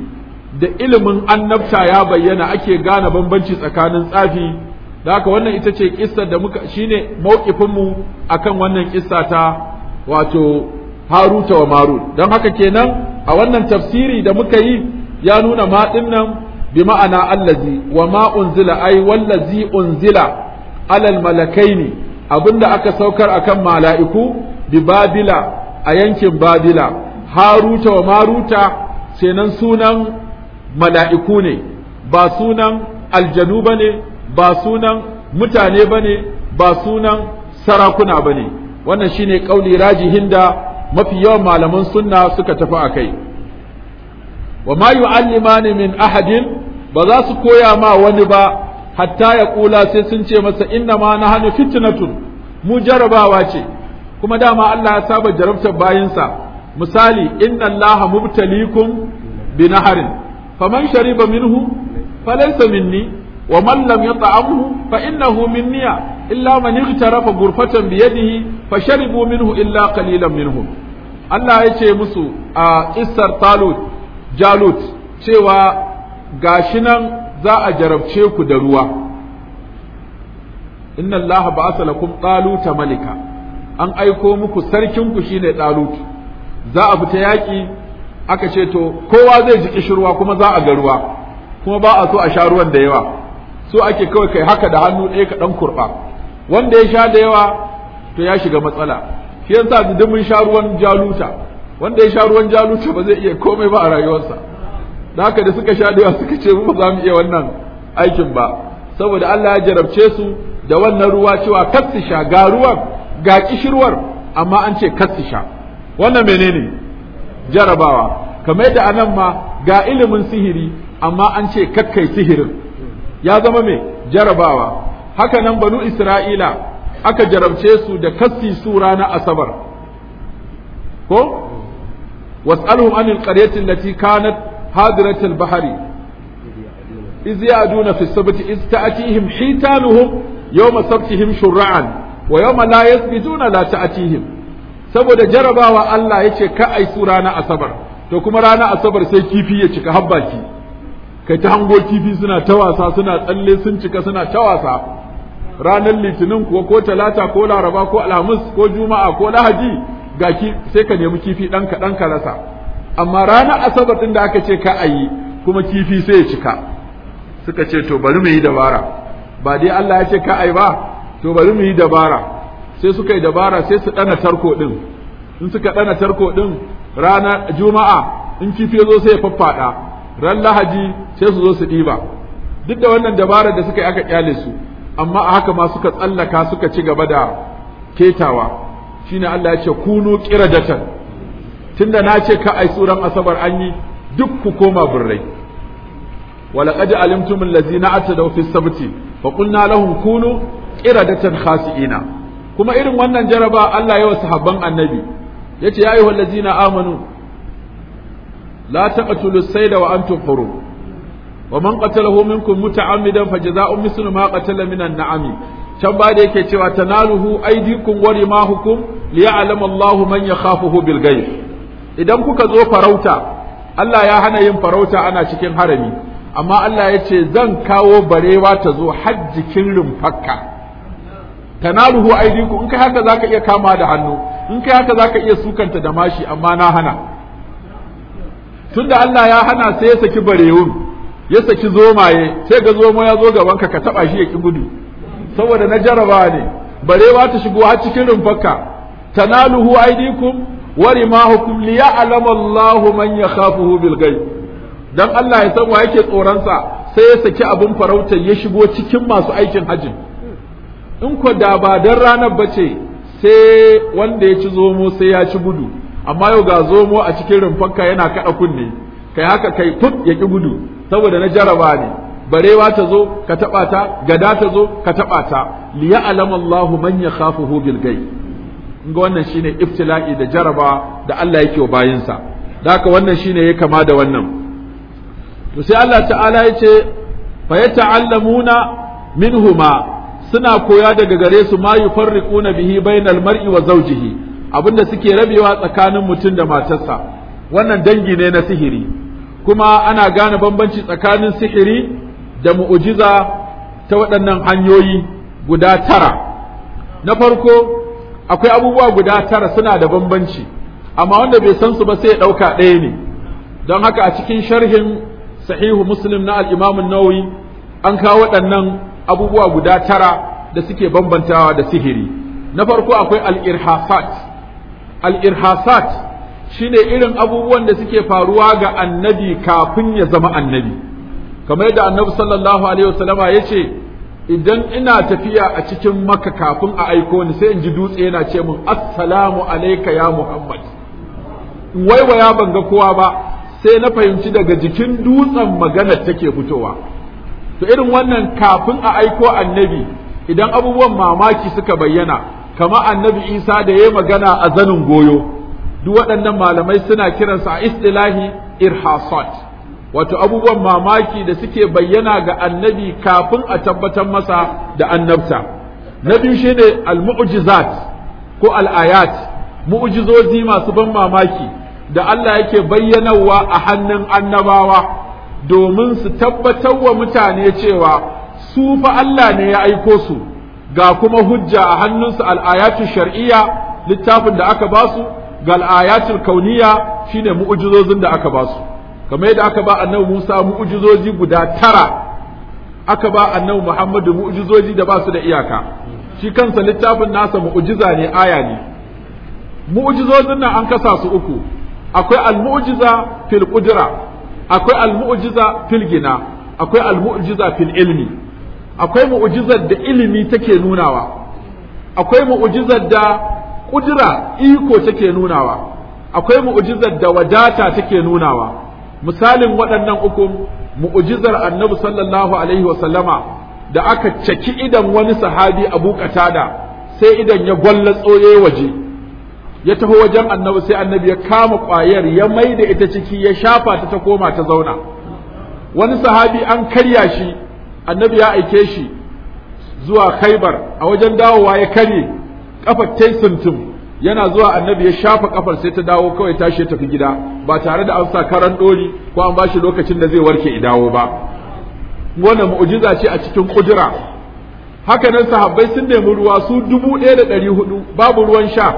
da ilimin annabta ya bayyana ake gane bambanci tsakanin tsafi da haka wannan ita ce kissa da muka shine mauƙifinmu akan wannan kissa ta wato haruta wa maru don haka kenan a wannan tafsiri da muka yi ya nuna ma nan bi ma'ana allazi wa ma unzila ai wallazi unzila alal malakaini abinda aka saukar akan mala'iku bi babila a yankin babila haruta wa maruta nan sunan mala'iku ne ba sunan aljanu ba ne ba sunan mutane ba ne ba sunan sarakuna ba ne wannan shine ƙauli rajihin mafi yawan malaman sunna suka tafi a kai wa ma yu'allimani min ahadin ba za su koya ma wani ba hatta ya kula sai sun ce masa inna ma na hannu fitnatun mu jarabawa ce kuma dama Allah ya saba jarabtar bayinsa misali inna Allah mubtalikum bi naharin faman shariba minhu falaysa minni wa man lam yata'amhu fa innahu minni illa man ightarafa ghurfatan bi yadihi fa sharibu minhu illa qalilan minhum Allah ya ce musu a kissar Talut Jalut cewa gashi nan za a jarabce ku da ruwa inna Allah ba'asa lakum taluta malika an aiko muku sarkin ku shine talut za a fita yaki aka ce to kowa zai ji kishirwa kuma za a ga ruwa kuma ba a so a sha ruwan da yawa so ake kawai kai haka da hannu ɗaya ka dan kurɓa wanda ya sha da yawa to ya shiga matsala shi yasa da mun sha ruwan jaluta wanda ya sha ruwan jaluta ba zai iya komai ba a rayuwarsa da haka da suka sha da suka ce mu ba za mu iya wannan aikin ba saboda Allah ya jarabce su da wannan ruwa cewa kassu sha ga ruwan ga kishirwar amma an ce kassu sha wannan menene jarabawa kamar yadda anan ma ga ilimin sihiri amma an ce kakkai sihirin ya zama me jarabawa haka nan banu isra'ila aka jarabce su da kassi su ranar asabar ko Wasu anil qaryati allati kanat hadiratul bahari iz ya'duna fi sabti iz ta'tihim hitanuhum yawma sabtihim shur'an wa yawma la yasbituna la saboda jarabawa Allah ya ce ka ai su rana asabar to kuma rana asabar sai kifi ya cika habbaki kai ta hango kifi suna ta wasa suna tsalle sun cika suna ta wasa ranar litinin kuwa ko talata ko laraba ko alhamis ko juma'a ko lahadi ga ki sai ka nemi kifi ɗan kaɗan ka rasa amma ranar asabar din da aka ce ka a kuma kifi sai ya cika suka ce to bari mu yi dabara ba dai Allah ya ce ka a ba to bari mu yi dabara sai suka yi dabara sai su dana tarko din in suka dana tarko din ranar juma'a in kifi ya zo sai ya faffada ran lahaji sai su zo su ɗiba duk da wannan dabarar da suka yi aka kyale su amma a haka ma suka tsallaka suka ci gaba da ketawa shine Allah ya ce kunu qiradatan Tun da na ce ka ai suran asabar an yi duk ku koma birrai ولقد علمتم الذين اعتدوا في السبت فقلنا لهم كونوا قردة خاسئين Kuma irin wannan jaraba Allah ya wa sahabban annabi yace ya ayyuhal ladzina amanu la taqtulus sayda wa antum hurum wa man qatalahu minkum muta'ammidan fajza'un mislu ma qatala minan na'ami can ba da yake cewa tanaluhu aydikum hukum liya liya'lama Allahu man yakhafuhu bil ghaib idan kuka zo farauta Allah ya hana yin farauta ana cikin harami amma Allah ya ce zan kawo barewa ta zo hajjikin rumfakka tanaruhu aidinku in kai haka zaka iya kama da hannu in kai haka zaka iya sukanta da mashi amma na hana tunda Allah ya hana sai ya saki barewun ya saki zomaye sai ga zomo ya zo gabanka ka taba shi ya ki gudu saboda na jaraba ne barewa ta shigo har cikin rumfakka tanaluhu aidikum warimahukum alama Allahu man yakhafuhu bil ghaib dan Allah ya san wa yake tsoronsa sa sai ya saki abin farauta ya shigo cikin masu aikin hajjin in ko da ba dan ranar bace sai wanda ya ci zomo sai ya ci gudu amma yau ga zomo a cikin rumfanka yana kaɗa kunne kai haka kai fut ya ki gudu saboda na jaraba ne barewa ta zo ka taɓata, gada ta zo ka taɓata, ta alama Allahu man yakhafuhu bil ghaib ga wannan shine iftila'i da jaraba da Allah yake wa bayinsa da haka wannan shine ya kama da wannan to sai Allah ta'ala ya ce fa yata'allamuna minhuma suna koya daga gare su ma yufarriquna bihi bainal mar'i wa zawjihi abinda suke rabewa tsakanin mutum da matarsa wannan dangi ne na sihiri kuma ana gane bambanci tsakanin sihiri da mu'ujiza ta waɗannan hanyoyi guda tara na farko akwai abubuwa guda tara suna da bambanci amma wanda bai san su ba sai ya ɗauka ɗaya ne don haka a cikin sharhin sahihu muslim na al'imamun nawawi an kawo waɗannan abubuwa guda tara da suke bambantawa da sihiri na farko akwai al'irhasat al'irhasat shine irin abubuwan da suke faruwa ga annabi kafin ya zama annabi kamar yadda annabi sallallahu alaihi wasallama ya ce idan ina tafiya a cikin maka kafin a aiko ni sai in ji dutse yana ce min assalamu alaika ya muhammad waiwaya ban ga kowa ba sai na fahimci daga jikin dutsen maganar take fitowa to irin wannan kafin a aiko annabi idan abubuwan mamaki suka bayyana kama annabi isa da ya magana a zanin goyo duk waɗannan malamai suna kiransa a istilahi irhasat wato abubuwan mamaki da suke bayyana ga annabi kafin a tabbatar masa da annabta na biyu shine al-mu'jizat ko al-ayat mu'jizozi masu ban mamaki da Allah yake bayyanawa a hannun annabawa domin su tabbatar wa mutane cewa su fa Allah ne ya aiko su ga kuma hujja a hannunsu al-ayatu shar'iyya littafin da aka basu ga al-ayatul kauniyya shine mu'jizozin da aka basu kamar yadda aka ba annabi Musa mu'ujizoji guda tara aka ba annabi Muhammadu mu'ujizoji da ba su da iyaka shi kansa littafin nasa mu'ujiza ne aya ne mu'ujizozin nan an kasa su uku akwai al-mu'jiza fil qudra akwai al-mu'jiza fil gina akwai al-mu'jiza fil ilmi akwai mu'ujizar da ilimi take nunawa akwai mu'ujizar da kudura iko take nunawa akwai mu'ujizar da wadata take nunawa misalin waɗannan ukun mu'ujizar annabi sallallahu alaihi wa sallama da aka caki idan wani sahabi abu katada sai idan ya gwalla tsoye waje ya taho wajen annabi sai annabi ya kama ƙwayar ya mai da ita ciki ya shafa ta ta koma ta zauna wani sahabi an karya shi annabi ya aike shi zuwa khaibar a wajen dawowa ya karye kafa tai suntum yana zuwa annabi ya shafa kafar sai ta dawo kawai tashi tafi gida ba tare da amsa sa karan dori ko an bashi lokacin da zai warke idawo ba wannan mu'jiza ce a cikin kudura haka nan sahabbai sun nemi ruwa su dubu ɗaya da ɗari hudu babu ruwan sha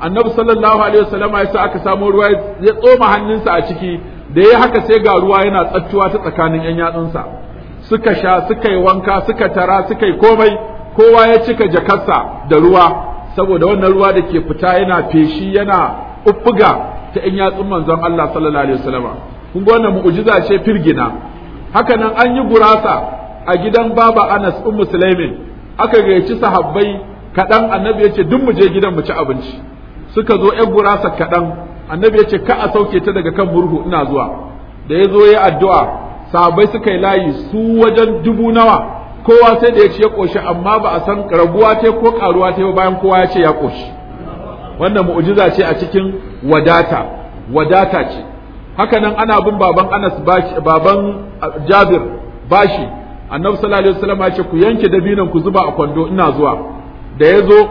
annabi sallallahu alaihi wasallama ya sa aka samu ruwa ya tsoma hannunsa a ciki da ya haka sai ga ruwa yana tsattuwa ta tsakanin yan yatsunsa suka sha suka yi wanka suka tara suka yi komai kowa ya cika jakarsa da ruwa saboda wannan ruwa da ke fita yana feshi yana uffuga ta in yatsun manzon Allah sallallahu alaihi wasallam kun ga wannan mu'jiza ce firgina haka nan an yi gurasa a gidan baba Anas ummu Sulaimin aka gayyaci sahabbai kadan annabi yace duk mu je gidan mu ci abinci suka zo ɗan gurasa kadan annabi yace ka a sauke ta daga kan murhu ina zuwa da ya zo ya addu'a sahabbai suka yi layi su wajen dubu nawa kowa sai da ya ce ya ƙoshi, amma ba a san raguwa ta ko ƙaruwa ta bayan kowa ya ce ya ƙoshi. wannan mu'jiza ce a cikin wadata wadata ce haka nan ana bin baban Anas baban Jabir bashi annabi sallallahu alaihi wasallam ya ce ku yanke dabinan ku zuba a kwando ina zuwa da ya zo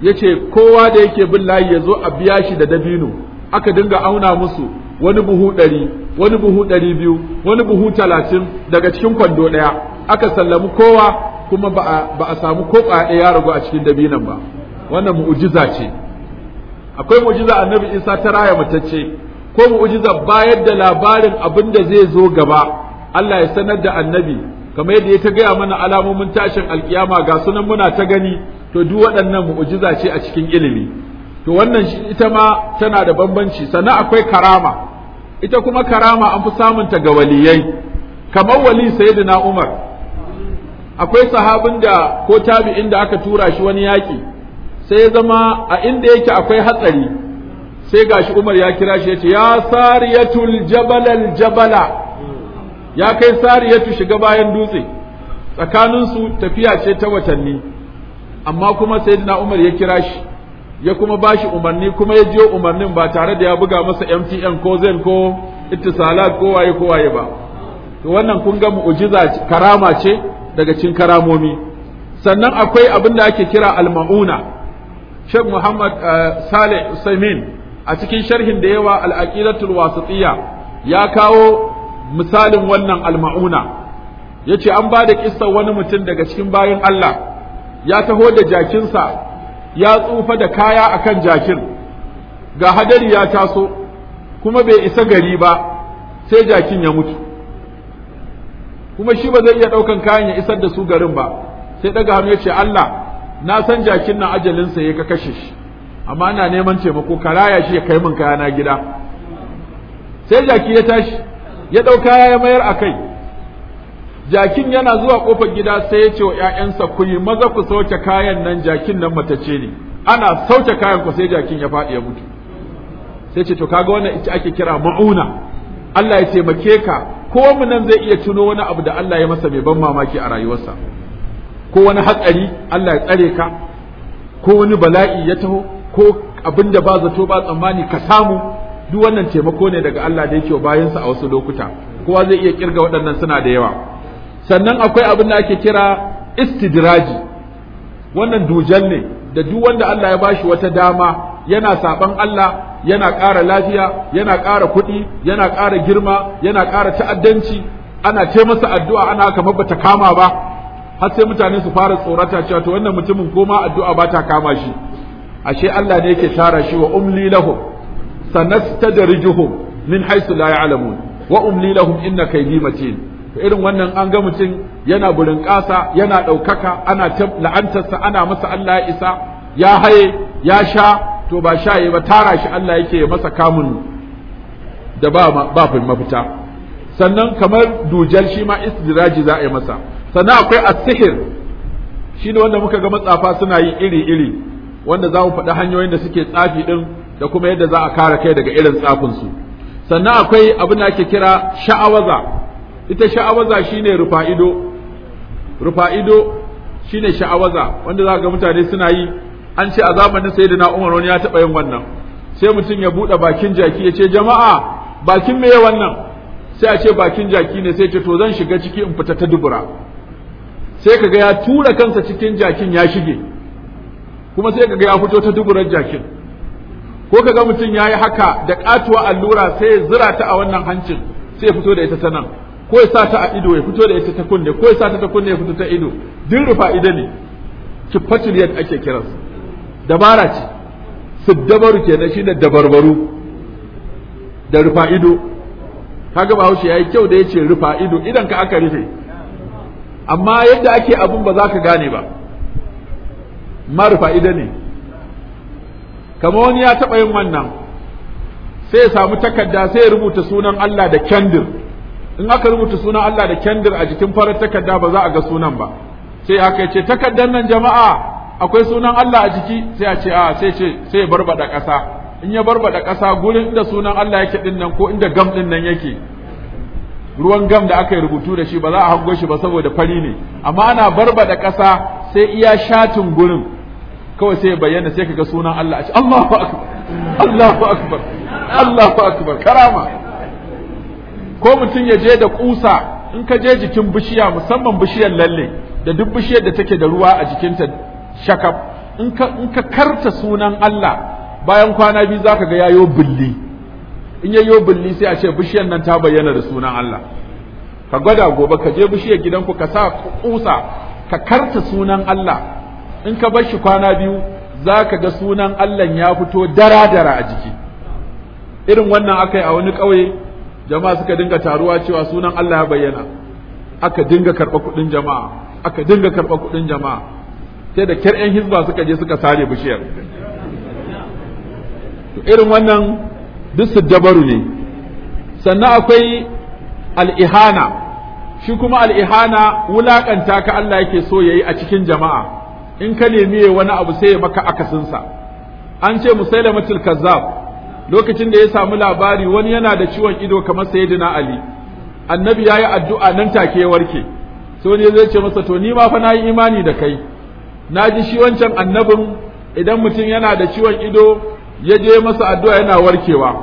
ya ce kowa da yake bin layi ya zo a biya shi da dabino aka dinga auna musu wani buhu ɗari wani buhu ɗari biyu wani buhu talatin daga cikin kwando ɗaya aka sallami kowa kuma ba a samu ko ɗaya ya ragu a cikin dabinan ba wannan mu'ujiza ce akwai mu'ujiza annabi isa ta raya matacce ko mu'ujiza bayar da labarin abin da zai zo gaba Allah ya sanar da annabi kamar yadda ya ta gaya mana alamomin tashin alkiyama ga sunan muna ta gani to duk waɗannan mu'ujiza ce a cikin ilimi to wannan ita ma tana da bambanci sannan akwai karama ita kuma karama an fi samunta ga waliyai kamar wali sayyidina Umar akwai sahabin da ko tabi'in da aka tura shi wani yaƙi sai ya zama a inda yake akwai hatsari sai gashi Umar ya kira shi ya ce ya sariyatul jabalal jabala ya kai sariyatu shiga bayan dutse tsakaninsu tafiya ce ta watanni amma kuma sai da Umar ya kira shi ya kuma bashi umarni kuma ya je umarnin ba tare da ya buga masa MTN ko Zen ko ittisalat ko waye ko waye ba to wannan kun ga mu'jiza karama ce daga cikin karamomi sannan akwai abin da ake kira al-ma'una Sheikh Muhammad uh, Saleh Usaimin a cikin sharhin da yawa al-aqidatul wasatiyya ya kawo misalin wannan al-ma'una yace an bada kissar wani mutum daga cikin bayan Allah ya taho da jakinsa ya tsufa da kaya akan jakin ga hadari ya taso kuma bai isa gari ba sai jakin ya mutu kuma shi ba zai iya ɗaukan kayan ya isar da su garin ba sai daga hannu ya ce Allah na san jakin nan ajalinsa ya ka kashe shi amma ana neman taimako ka raya shi ya kai min kayana gida sai jaki ya tashi ya ɗau ya mayar a kai jakin yana zuwa ƙofar gida sai ya ce wa ‘ya'yansa ku yi maza ku sauke kayan nan jakin nan matace ne ana sauke kayan ku sai jakin ya faɗi ya mutu sai ce to kaga wannan ita ake kira ma'una Allah ya taimake ka ko mu nan zai iya tuno wani abu da Allah ya masa mai ban mamaki a rayuwarsa ko wani hatsari Allah ya tsare ka ko wani bala'i ya taho ko abin da ba zato ba tsammani ka samu duk wannan taimako ne daga Allah da yake sa a wasu lokuta kowa zai iya kirga waɗannan suna da yawa sannan akwai abin da ake kira istidraji wannan dujal ne da duk wanda Allah ya bashi wata dama yana saban Allah yana ƙara lafiya yana ƙara kuɗi yana ƙara girma yana ƙara ta'addanci ana ce masa addu'a ana kamar bata kama ba har sai mutane su fara tsorata cewa to wannan mutumin koma addu'a ba ta kama shi ashe Allah ne yake tara shi wa umli lahum sanastadrijuhum min haythu la ya'lamun wa umli lahum inna kaydi matin to irin wannan an ga mutum yana burin ƙasa yana ɗaukaka ana la'antarsa ana masa Allah ya isa ya haye ya sha to ba sha ba tara shi Allah yake masa kamun da ba ba mafita sannan kamar dujal shi ma istidraji za a yi masa sannan akwai asihir sihir ne wanda muka ga matsafa suna yi iri-iri wanda za mu faɗi hanyoyin da suke tsafi ɗin, da kuma yadda za a kare kai daga irin tsafin su sannan akwai abin da ake kira sha'awaza ita sha'awaza shine rufa'ido rufa'ido shine sha'awaza wanda za ga mutane suna yi an ce a zamanin sayyidina Umar wani ya taɓa yin wannan sai mutum ya buɗe bakin jaki ya ce jama'a bakin meye wannan sai a ce bakin jaki ne sai ce to zan shiga ciki in fita ta dubura sai kaga ya tura kansa cikin jakin ya shige kuma sai kaga ya fito ta duburar jakin ko kaga mutum yayi haka da katuwa allura sai zira ta a wannan hancin sai ya fito da ita ta nan ko ya sa ta a ido ya fito da ita ta kunne ko ya sa ta ta kunne ya fito ta ido din rufa ido ne kifatul ake kiransa dabara ce su dabaru shi shine dabarbaru da rufa ido kaga bahaushe yayi kyau da yace rufa ido idan ka aka rufe amma yadda ake abun ba za ka gane ba ma rufa ido ne kamar wani ya taɓa yin wannan sai ya samu takarda sai ya rubuta sunan Allah da kyandir in aka rubuta sunan Allah da kyandir a jikin farar takarda ba za a ga sunan ba sai aka ce takardar nan jama'a akwai sunan Allah a jiki sai a ce a ah, sai ce sai ya barbada ƙasa in ya barbada ƙasa gurin inda sunan Allah yake din nan ko inda gam din nan yake ruwan gam da aka yi rubutu da shi ba za a hango shi ba saboda fari ne amma ana barbada ƙasa sai iya shatin gurin kawai sai bayyana sai kaga sunan Allah a ce Allahu akbar Allahu akbar Allahu akbar karama ko mutum ya je da kusa in ka je jikin bishiya musamman bishiyar lalle da duk bishiyar da take da ruwa a jikinta shakab in ka karta sunan Allah bayan kwana biyu za zaka ga yayo bulli in yayo bulli sai a ce bishiyar nan ta bayyana da sunan Allah ka gwada gobe ka je bishiyar gidanku ka sa kusa ka karta sunan Allah in ka bar shi kwana biyu zaka ga sunan Allah ya fito dara dara a jiki irin wannan aka yi a wani ƙauye jama'a suka dinga taruwa cewa sunan Allah ya bayyana aka dinga karɓa kuɗin jama'a aka dinga karɓa kuɗin jama'a sai da kyar yan hizba suka je suka sare bishiyar irin wannan duk su dabaru ne sannan akwai al'ihana shi kuma al'ihana wulaƙanta ka Allah yake so ya yi a cikin jama'a in ka nemi ya wani abu sai ya maka akasinsa an ce musailamatul kazzab lokacin da ya samu labari wani yana da ciwon ido kamar sayyidina ali annabi ya yi addu'a nan take warke sai wani zai ce masa to ni ma fa na yi imani da kai na ji shi wancan annabin idan mutum yana da ciwon ido ya je masa addu'a yana warkewa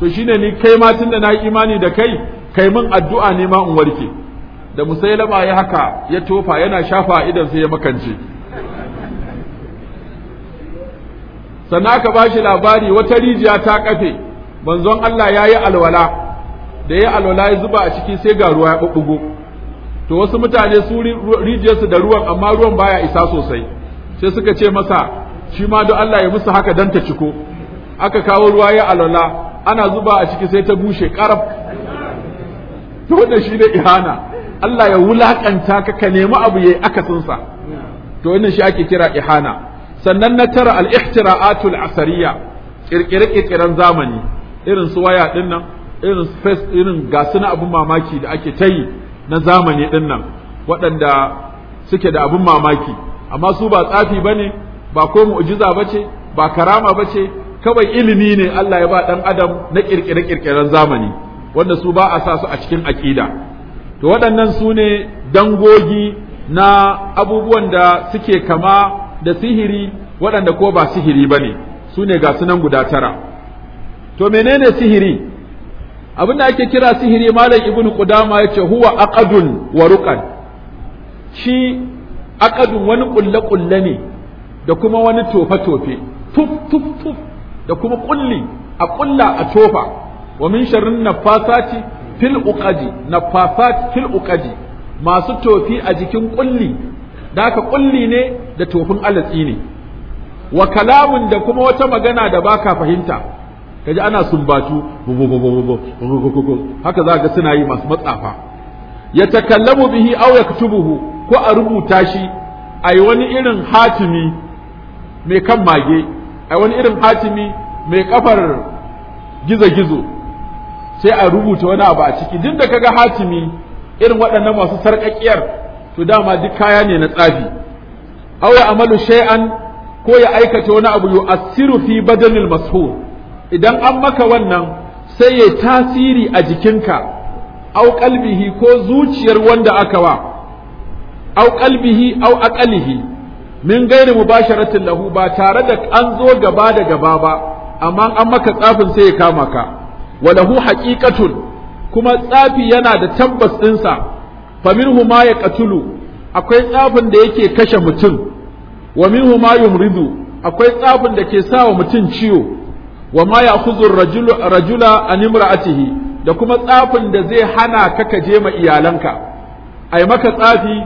to shine ni kai ma tun da na yi imani da kai kai min addu'a ne ma in warke da musailama ya haka ya tofa yana shafa idan sai ya makance sannan aka ba shi labari wata rijiya ta kafe manzon Allah ya yi alwala da ya alwala ya zuba a ciki sai ga ruwa ya bubbugo to wasu mutane su rijiyarsu da ruwan amma ruwan baya isa sosai sai suka ce masa shi ma don Allah ya musu haka dan ta ciko aka kawo ruwa ya alala ana zuba a ciki sai ta bushe karab to wannan shi ne ihana Allah ya wulakanta ka ka nemi abu yayi akasinsa to wannan shi ake kira ihana sannan na tara al-ihtira'atul asariya kirkire-kirkiren zamani irin su waya dinnan irin face irin gasu na abun mamaki da ake ta na zamani ɗin nan waɗanda suke da abin mamaki amma su ba tsafi bane ne ba ko mu'jiza ba ba karama bace kawai ilimi ne Allah ya ba ɗan adam na ƙirƙire-ƙirƙiren zamani wanda su ba a sa su a cikin aƙida to waɗannan su ne dangogi na abubuwan da suke kama da sihiri waɗanda ko ba sihiri ba ne su ne ga sunan guda tara to menene sihiri abin da ake kira sihiri malam ibnu qudama yace huwa aqadun wa ruqan shi aqadun wani kulle kulle ne da kuma wani tofa tofe tuf tuf tuf da kuma kulli a kulla a tofa wa min sharrin nafasati fil uqadi nafasat fil uqadi masu tofi a jikin kulli da haka kulli ne da tofin alatsi ne wa kalamun da kuma wata magana da baka fahimta kaji ana sumbatu haka za ga suna yi masu matsafa ya takallamu bihi aw yaktubuhu ko a rubuta shi a yi wani irin hatimi mai kan mage yi wani irin hatimi mai kafar gizo-gizo sai a rubuta wani abu a ciki duk da kaga hatimi irin waɗannan masu sarƙaƙiyar to dama duk kaya ne na tsafi aw ya amalu shay'an ko ya aikata wani abu asiru fi badanil mashur idan an maka wannan sai ya tasiri a jikinka au kalbihi ko zuciyar wanda aka wa au kalbihi au aqalihi min gairi mubasharatin lahu ba tare da an zo gaba da gaba ba amma an maka tsafin sai ya kama ka walahu haqiqatun kuma tsafi yana da tabbas fa minhu ma ya katulu akwai tsafin da yake kashe mutum wa minhu ma yumridu akwai tsafin da ke sawa mutum ciwo wa ma ya'khudhu rajula an imra'atihi da kuma tsafin da zai hana ka ka je ma iyalanka ai maka tsafi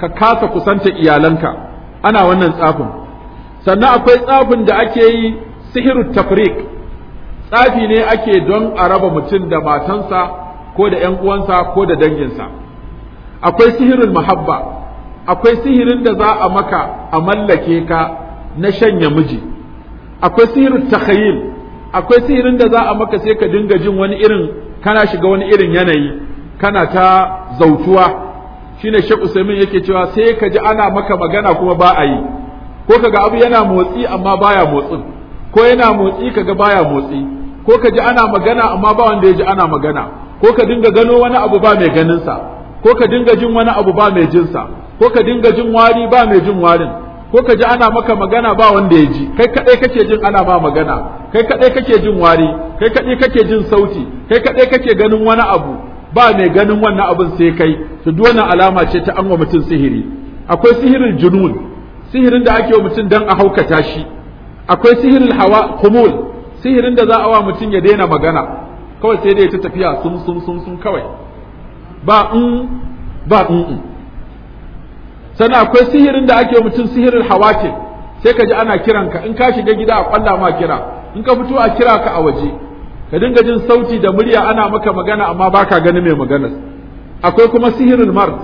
ka kasa kusanta iyalanka ana wannan tsafin sannan akwai tsafin da ake yi sihiru tafrik tsafi ne ake don a raba mutum da matansa ko da 'yan uwansa ko da danginsa akwai sihirin mahabba akwai sihirin da za a maka a mallake ka na shanya miji akwai sihirin takhayil akwai sihirin da za a maka sai ka dinga jin wani irin kana shiga wani irin yanayi kana ta zautuwa shine Sheikh Usaimin yake cewa sai ka ji ana maka magana kuma ba a yi ko kaga abu yana motsi amma baya motsin ko yana motsi kaga baya motsi ko ka ji ana magana amma ba wanda ya ji ana magana ko ka dinga gano wani abu ba mai ganinsa ko ka dinga jin wani abu ba mai jinsa ko ka dinga jin wari ba mai jin warin ko ka ji ana maka magana ba wanda ya ji kai kadai kake jin ana ba magana kai kadai kake jin wari kai kadai kake jin sauti kai kadai kake ganin wani abu ba mai ganin wannan abin sai kai to duk wannan alama ce ta anwa mutum sihiri akwai sihirin junun sihirin da ake wa mutum dan a haukata shi akwai sihirin hawa kumul sihirin da za a wa mutum ya daina magana kawai sai dai ta tafiya sun sun sun sun kawai ba in mm, ba in mm, mm. sannan akwai sihirin da ake mutum sihirin ce sai ka ji ana kiranka in ka shiga gida a kwalla ma kira in ka fito a kira ka a waje ka dinga jin sauti da murya ana maka magana amma baka gani mai magana akwai kuma sihirin mard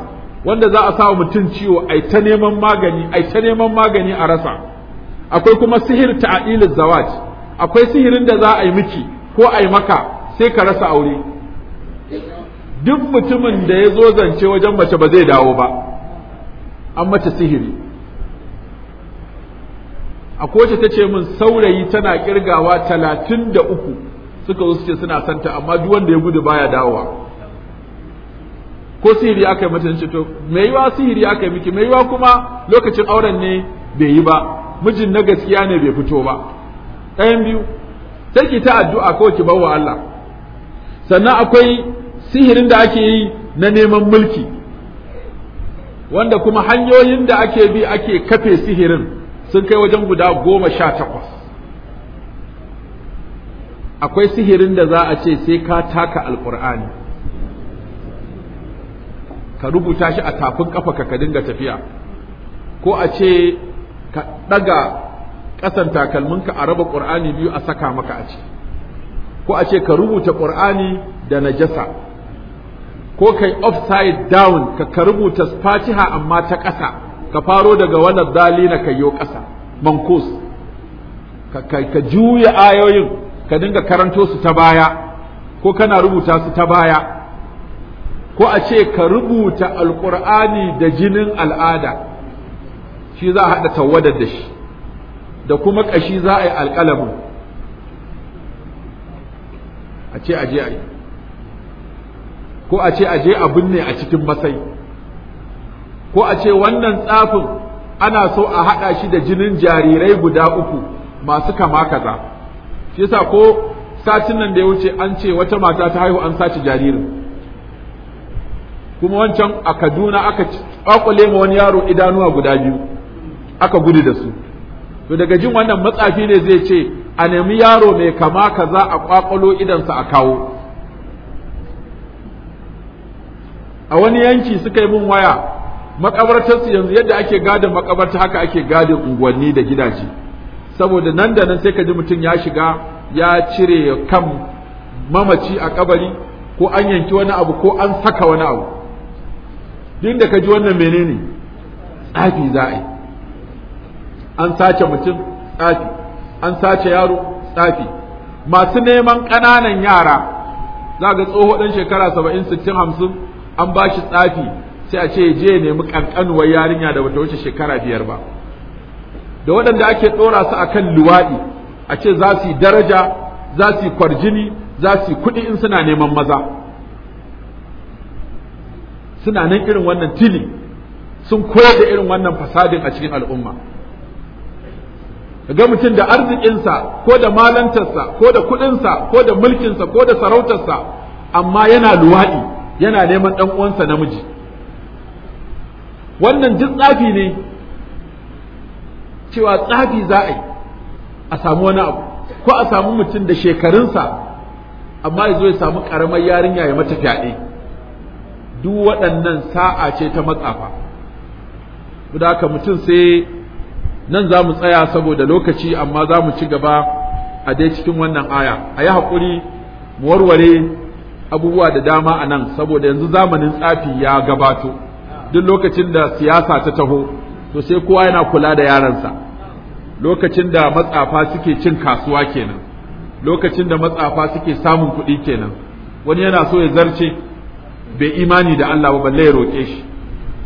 wanda za a sa mutum ciwo ai ta neman magani ai ta neman magani a rasa akwai kuma sihir ta'dil zawaj akwai sihirin da za a yi miki ko a yi maka sai ka rasa aure duk mutumin da ya zo zance wajen mace ba zai dawo ba an mata sihiri a koce ta ce min saurayi tana kirgawa talatin da uku suka zo suke suna santa amma duk wanda ya gudu baya dawowa ko sihiri aka yi mata ce to mai yiwa sihiri aka yi miki mai yiwa kuma lokacin auren ne bai yi ba mijin na gaskiya ne bai fito ba ɗayan biyu sai ki ta addu'a kawai ki bawa Allah sannan akwai sihirin da ake yi na neman mulki wanda kuma hanyoyin da ake bi ake kafe sihirin sun kai wajen guda goma sha takwas akwai sihirin da za a ce sai ka taka alkur'ani ka rubuta shi a tafin kafa ka ka dinga tafiya ko a ce ka ɗaga ƙasan takalminka a raba ƙur'ani biyu a saka maka a ciki ko a ce ka rubuta ƙur'ani da najasa ko kai offside down ka ka rubuta fatiha amma ta ƙasa ka faro daga wannan dalina ka yo ƙasa mankus ka ka juya ayoyin ka dinga karanto su ta baya ko kana rubuta su ta baya ko a ce ka rubuta alkur'ani da jinin al'ada shi za a haɗa tawadar da shi da kuma ƙashi za a yi alƙalamin a ce a je a yi ko a ce a je a binne a cikin masai ko a ce wannan tsafin ana so a haɗa shi da jinin jarirai guda uku masu kama kaza shi yasa ko satin nan da ya wuce an ce wata mata ta haihu an sace jaririn kuma wancan a kaduna aka kwakule ma wani yaro idanuwa guda biyu aka gudu da su to daga jin wannan matsafi ne zai ce a nemi yaro mai kama kaza a kwakwalo idansa a kawo a wani yanki suka yi mun waya makabartarsu yanzu yadda ake gadin makabarta haka ake gadin unguwanni da gidaje saboda nan da nan sai ka ji mutum ya shiga ya cire kan mamaci a kabari ko an yanki wani abu ko an saka wani abu duk da ka ji wannan menene tsafi za an sace mutum tsafi an sace yaro tsafi masu neman ƙananan yara za ga tsoho ɗan shekara saba'in sittin hamsin an ba shi tsafi sai a ce je nemi kankanuwar yarinya da bata wuce shekara biyar ba da waɗanda ake ɗora su a kan luwaɗi a ce za su daraja za su kwarjini za su yi kuɗi in suna neman maza suna nan irin wannan tili sun koyar da irin wannan fasadin a cikin al'umma ga mutum da arzikinsa ko da malantarsa ko da kuɗinsa ko da mulkinsa ko da sarautarsa amma yana luwaɗi yana neman ɗan uwansa namiji wannan jin tsafi ne cewa tsafi za a yi a samu wani abu ko a samu mutum da shekarunsa amma ya zo ya samu ƙaramar yarinya ya mata fyaɗe duk waɗannan sa'a ce ta matsafa da ka mutum sai nan za mu tsaya saboda lokaci amma za mu ci gaba a dai cikin wannan aya a yi haƙuri mu warware abubuwa da dama a nan saboda yanzu zamanin tsafi ya gabato duk lokacin da siyasa ta taho to sai kowa yana kula da yaransa lokacin da matsafa suke cin kasuwa kenan lokacin da matsafa suke samun kuɗi kenan wani yana so ya zarce bai imani da Allah ba balle ya roƙe shi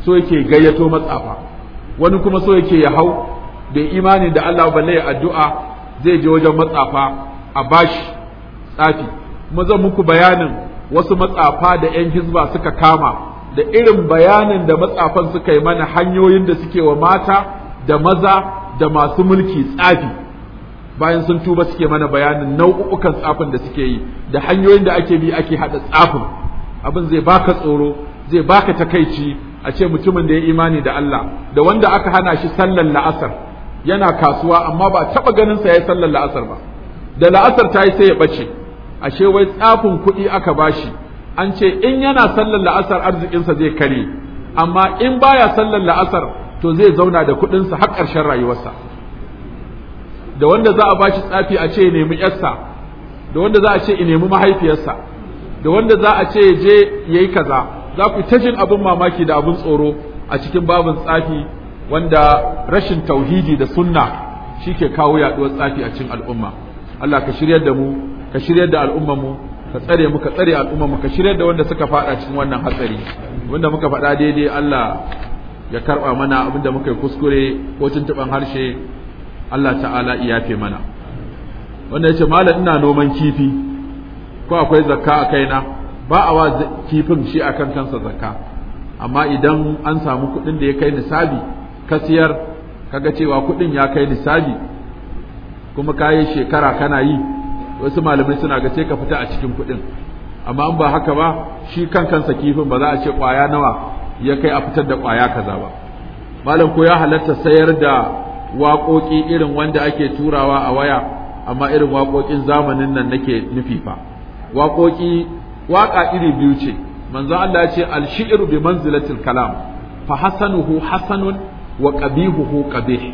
so yake gayyato matsafa wani kuma so yake ya hau bai imani da Allah balle ya addu'a zai je wajen matsafa a bashi tsafi kuma zan muku bayanin wasu matsafa da 'yan hizba suka kama da irin bayanin da matsafan suka yi mana hanyoyin da suke wa mata da maza da masu mulki tsafi bayan sun tuba suke mana bayanin nau'ukan tsafin da suke yi da hanyoyin da ake bi ake haɗa tsafin abin zai baka tsoro zai baka takaici a ce mutumin da ya imani da Allah da wanda aka hana shi sallar la'asar yana kasuwa amma ba taɓa ganin sa ya yi sallar la'asar ba da la'asar ta yi sai ya ɓace ashe wai tsafin kuɗi aka bashi an ce in yana sallar la'asar arzikinsa zai kare amma in baya sallar la'asar to zai zauna da kuɗinsa har ƙarshen rayuwarsa da wanda za a bashi tsafi a ce nemi yarsa da wanda za a ce nemi mahaifiyarsa da wanda za a ce ya je ya yi kaza za ku ta jin abin mamaki da abin tsoro a cikin babin tsafi wanda rashin tauhidi da sunna shi ke kawo yaɗuwar tsafi a cikin al'umma Allah ka shiryar da mu ka shiryar da al'ummarmu ka tsare mu ka tsare al'ummarmu ka shiryar da wanda suka fada cikin wannan hatsari wanda muka faɗa daidai Allah ya karɓa mana abinda muka yi kuskure ko tuntuban harshe Allah ta'ala ya yafe mana wanda yace malam ina noman kifi ko akwai zakka a kaina ba a wa kifin shi akan kansa zakka amma idan an samu kuɗin da ya kai nisabi ka siyar kaga cewa kuɗin ya kai nisabi kuma ka yi shekara kana yi wasu malamai suna ga sai ka fita a cikin kuɗin amma in ba haka ba shi kan kansa kifin ba za a ce kwaya nawa ya kai a fitar da ƙwaya kaza ba malam ko ya halatta sayar da waƙoƙi irin wanda ake turawa a waya amma irin waƙoƙin zamanin nan nake nufi fa waƙoƙi waƙa iri biyu ce Manzo Allah ya ce al-shi'ru bi manzilatil kalam fa hasanuhu hasanun wa qabihuhu qabih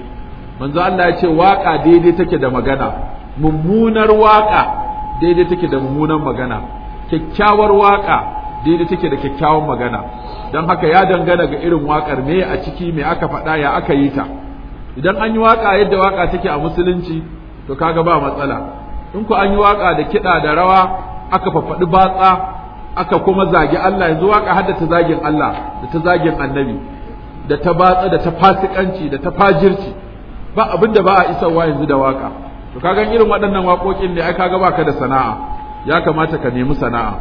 Manzo Allah ya ce waƙa daidai take da magana mummunar waƙa daidai take da mummunan magana kyakkyawar waƙa daidai take da kyakkyawan magana don haka ya dangana ga irin waƙar me a ciki mai aka faɗa ya aka yi ta idan an yi waƙa yadda waƙa take a musulunci to kaga ba matsala in ku an yi waƙa da kiɗa da rawa aka fafaɗi batsa aka kuma zagi Allah yanzu waƙa hadda ta zagin Allah da ta zagin annabi da ta batsa da ta fasikanci da ta fajirci ba abinda ba a isarwa yanzu da waƙa to kagan irin waɗannan waƙoƙin ne ai kaga baka da sana'a ya kamata ka nemi sana'a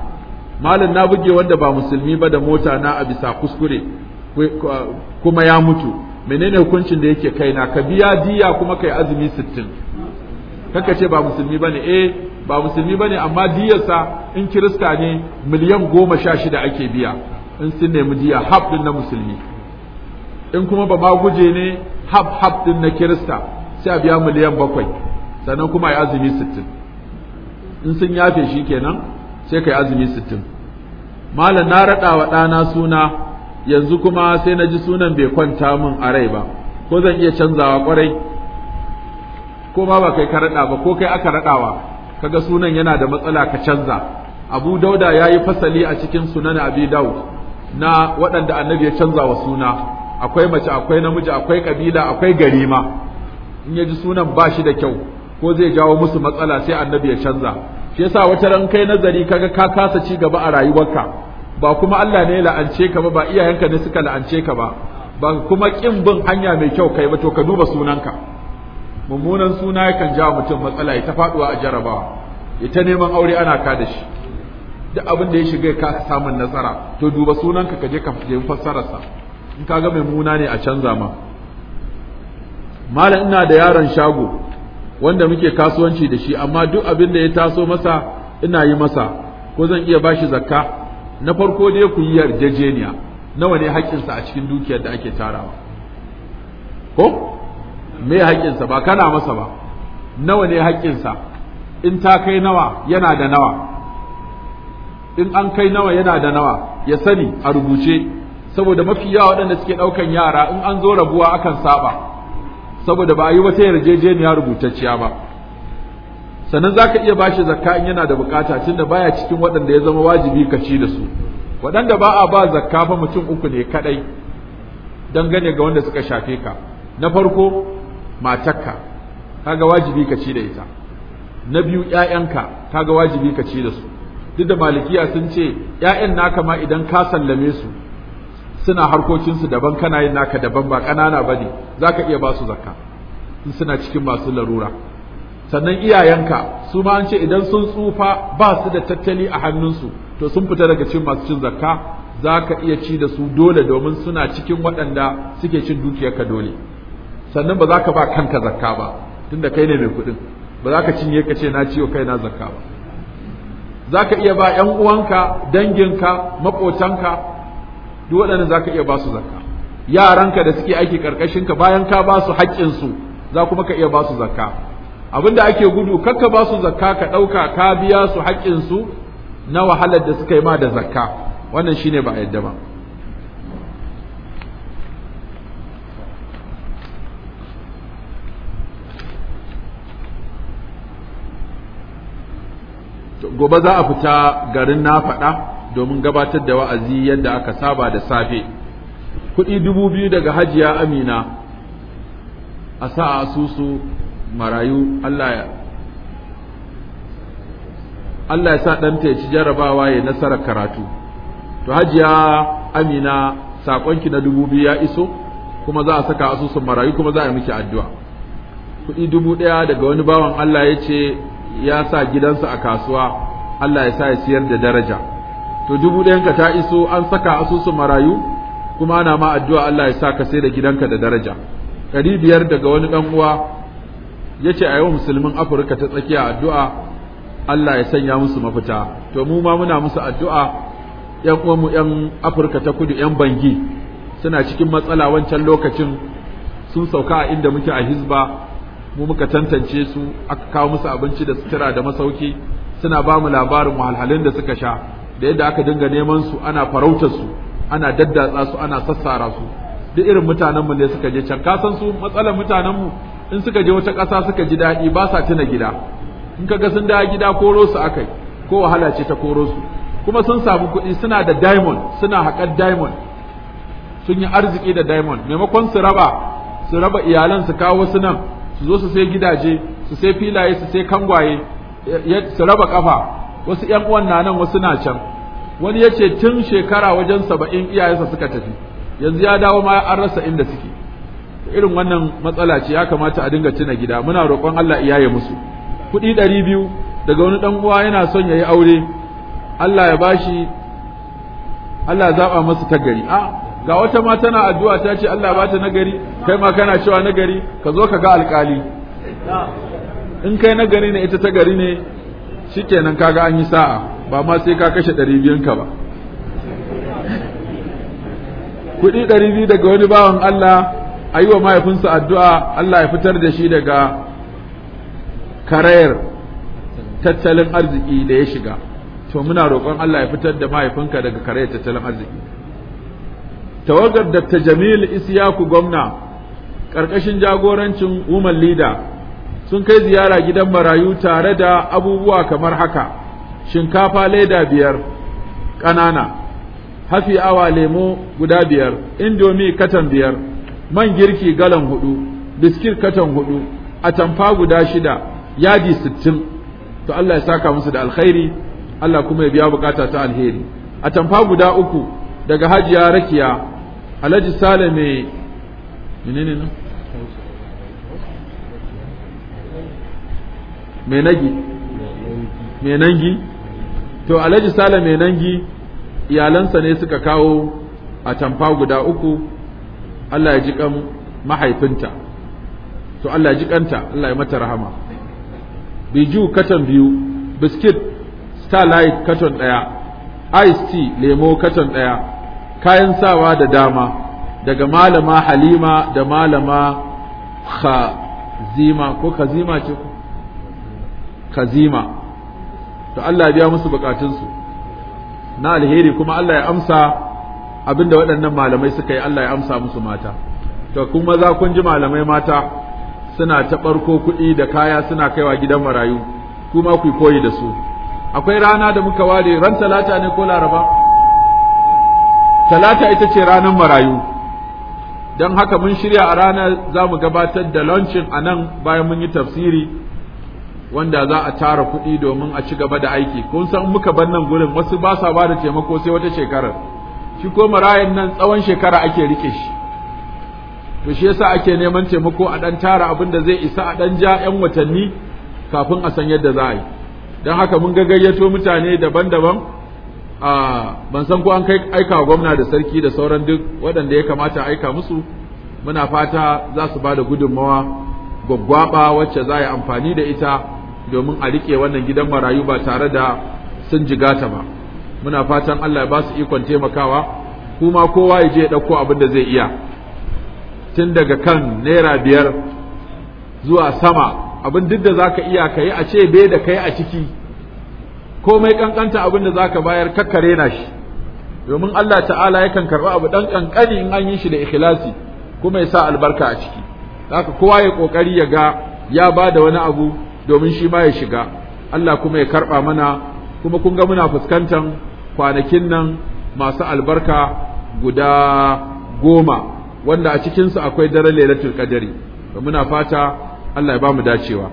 malam na buge wanda ba musulmi ba da mota na a bisa kuskure kuma ya mutu menene hukuncin da yake kaina ka biya diya kuma kai azumi sittin kaka ce ba musulmi bane eh ba musulmi bane amma diyarsa in kirista ne miliyan goma sha shida ake biya in sun nemi diya hab din na musulmi in kuma ba ma guje ne hab hab din na kirista sai a biya miliyan bakwai sannan kuma ya azumi sittin in sun yafe shi kenan sai ka azumi sittin malam na raɗa wa ɗana suna yanzu kuma sai na ji sunan bai kwanta min a rai ba ko zan iya canzawa kwarai ko ma ba kai ka raɗa ba ko kai aka raɗawa kaga sunan yana da matsala ka canza abu dauda ya yi fasali a cikin sunan abi daud na waɗanda annabi ya canza wa suna akwai mace akwai namiji akwai kabila akwai gari ma in ya ji sunan ba shi da kyau ko zai jawo musu matsala sai annabi ya canza shi yasa wata ran kai nazari kaga ka kasa ci gaba a rayuwarka ba kuma Allah ne ya la'ance ka ba ba iyayenka ne suka la'ance ka ba ba kuma kin bin hanya mai kyau kai ba to ka duba sunanka mummunan suna yakan jawo mutum matsala ya ta faduwa a jarabawa ya ta neman aure ana ka da shi duk abin da ya shiga ka samun nasara to duba sunanka ka je ka je fassararsa in kaga mai muna ne a canza ma malam ina da yaron shago wanda muke kasuwanci da shi amma duk abin da ya taso masa ina yi masa ko zan iya bashi zakka na farko dai ku yi yarjejeniya nawa ne haƙƙinsa a cikin dukiyar da ake tarawa ko me haƙƙinsa ba kana masa ba nawa ne haƙƙinsa in ta kai nawa yana da nawa in an kai nawa yana da nawa ya sani a rubuce saboda mafi yawa waɗanda suke ɗaukan yara in an zo rabuwa akan saba saboda ba a yi wata yarjejeniya rubutacciya ba sannan za ka iya shi zakka in yana da bukata tunda baya cikin waɗanda ya zama wajibi ka ci da su waɗanda ba a ba zakka fa mutum uku ne kaɗai dangane ga wanda suka shafe ka na farko matarka kaga wajibi ka ci da ita na biyu ƴaƴanka kaga wajibi ka ci da su duk da malikiya sun ce ƴaƴan naka ma idan ka sallame su suna harkokinsu daban kana yin naka daban ba kanana ba ne za iya ba su zakka in suna cikin masu larura sannan iyayenka su ma an ce idan sun tsufa ba su da tattali a hannunsu to sun fita daga cikin masu cin zakka zaka iya ci da su dole domin suna cikin waɗanda suke cin dukiyarka dole sannan ba za ka ba kanka zakka ba tunda kai ne mai kuɗin ba za ka cinye ka ce na ciwo kai na zakka ba za ka iya ba ‘yan uwanka danginka maƙotanka duk waɗannan ka iya ba su zakka yaranka da suke aiki karkashin ka bayan ka ba su haƙƙin su za kuma ka iya ba su zakka abinda ake gudu kakka ba su zakka ka ɗauka ka biya su haƙƙin su na wahalar da suka yi ma da zakka wannan shine ba a yadda ba gobe za a fita garin na faɗa domin gabatar da wa'azi yadda aka saba da safe kuɗi dubu biyu daga hajiya amina a sa a asusu marayu allah ya sa ɗanta ya ci jarabawa ya nasara karatu to hajiya amina saƙonki na dubu biyu ya iso kuma za a saka asusun marayu kuma za a yi miki addu'a kuɗi dubu ɗaya daga wani bawan Allah ya ce ya sa gidansa a kasuwa Allah ya sa ya siyar da daraja to dubu ka ta iso an saka asusun marayu kuma ana ma addu'a Allah ya sa ka sai da gidanka da daraja ɗari biyar daga wani ɗan uwa ya ce a yau musulmin afirka ta tsakiya addu'a Allah ya sanya musu mafita to mu ma muna musu addu'a ‘yan uwanmu ‘yan afirka ta kudu ‘yan bangi suna cikin matsala wancan lokacin sun sauka a inda muke a hizba mu muka tantance su aka kawo musu abinci da sutura da masauki suna ba mu labarin wahalhalun da suka sha da yadda aka dinga neman su ana farautar su ana daddatsa su ana sassara su duk irin mutanen mu ne suka je can ka san su matsalar mutanen mu in suka je wata ƙasa suka ji daɗi ba sa tuna gida in ka ga sun dawo gida koro su akai ko wahala ce ta koro su kuma sun samu kuɗi suna da diamond suna haƙar diamond sun yi arziki da diamond maimakon su raba su raba iyalan su kawo su nan su zo su sai gidaje su sai filaye su sai kangwaye su raba kafa wasu ƴan uwan na nan wasu na can wani yace tun shekara wajen saba'in iyayensa suka tafi yanzu ya dawo ma an rasa inda suke irin wannan matsala ce ya kamata a dinga tuna gida muna roƙon Allah iyaye musu kuɗi ɗari biyu daga wani ɗan uwa yana son ya yi aure Allah ya bashi Allah ya zaɓa masa ta gari a ga wata ma tana addu'a ta ce Allah ba ta nagari kai ma kana cewa nagari ka zo ka ga alƙali in kai nagari ne ita ta gari ne shikenan kaga an yi sa'a ba ma sai ka kashe ɗari biyun ka ba kuɗi ɗari biyu daga wani bawan Allah a yi wa mahaifinsa addu'a Allah ya fitar da shi daga karayar tattalin arziki da ya shiga to muna roƙon Allah ya fitar da mahaifinka daga karayar tattalin arziki tawagar Dr. Jamil Isiyaku gwamna ƙarƙashin jagorancin woman lida. sun kai ziyara gidan marayu tare da abubuwa kamar haka shinkafa leda biyar ƙanana hafi awa lemo guda biyar indomi katan biyar man girki galan hudu biskit katan hudu atamfa guda shida yadi sittin to Allah ya saka musu da alkhairi Allah kuma ya biya bukata ta alheri atamfa guda uku daga hajiya rakiya alhaji salame menene nan menangi Menangi. to alhaji sale Menangi iyalansa ne suka kawo a tamfa guda uku Allah ya ji kan mahaifinta to Allah ya ji kanta Allah ya mata rahama biju katon biyu biskit starlight katon daya ice tea lemo katon daya kayan sawa da dama daga malama halima da malama khazima ko khazima ce ko kazima to Allah ya biya musu bukatunsu na alheri kuma Allah ya amsa abinda waɗannan malamai suka yi Allah ya amsa musu mata to kuma za kun ji malamai mata suna ta barko kuɗi da kaya suna kaiwa gidan marayu kuma ku koyi da su akwai rana da muka ware ran talata ne ko laraba talata ita ce ranar marayu don haka mun shirya a ranar za mu gabatar da launching a nan bayan mun yi tafsiri wanda za a tara kuɗi domin a ci gaba da aiki kun san muka bar nan gurin wasu ba sa ba da taimako sai wata shekarar shi ko marayan nan tsawon shekara ake rike shi to shi yasa ake neman taimako a dan tara abin da zai isa a dan ja yan watanni kafin a san yadda za a yi don haka mun ga gayyato mutane daban-daban a ban san ko an kai aika gwamna da sarki da sauran duk waɗanda ya kamata aika musu muna fata za su ba da gudunmawa gwaggwaba wacce za a yi amfani da ita domin a rike wannan gidan marayu ba tare da sun jigata ba muna fatan Allah ya ba su ikon taimakawa kuma kowa ya je ya ɗauko abin da zai iya tun daga kan naira biyar zuwa sama abin duk da zaka iya ka yi a ce bai da kai a ciki komai kankanta abin da zaka bayar kakkare na shi domin Allah ta'ala yakan karɓi abu ɗan ƙanƙani in an yi shi da ikhlasi kuma ya sa albarka a ciki haka kowa ya ƙoƙari ya ga ya ba da wani abu domin shi ma ya shiga Allah kuma ya karɓa mana kuma kun ga muna fuskantar kwanakin nan masu albarka guda goma wanda a cikinsu akwai daren lailatul qadari muna fata Allah ya ba mu dacewa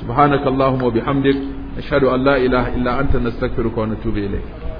subhanakallahumma wa bihamdik ashhadu an la ilaha illa anta nastaghfiruka wa natubu ilayk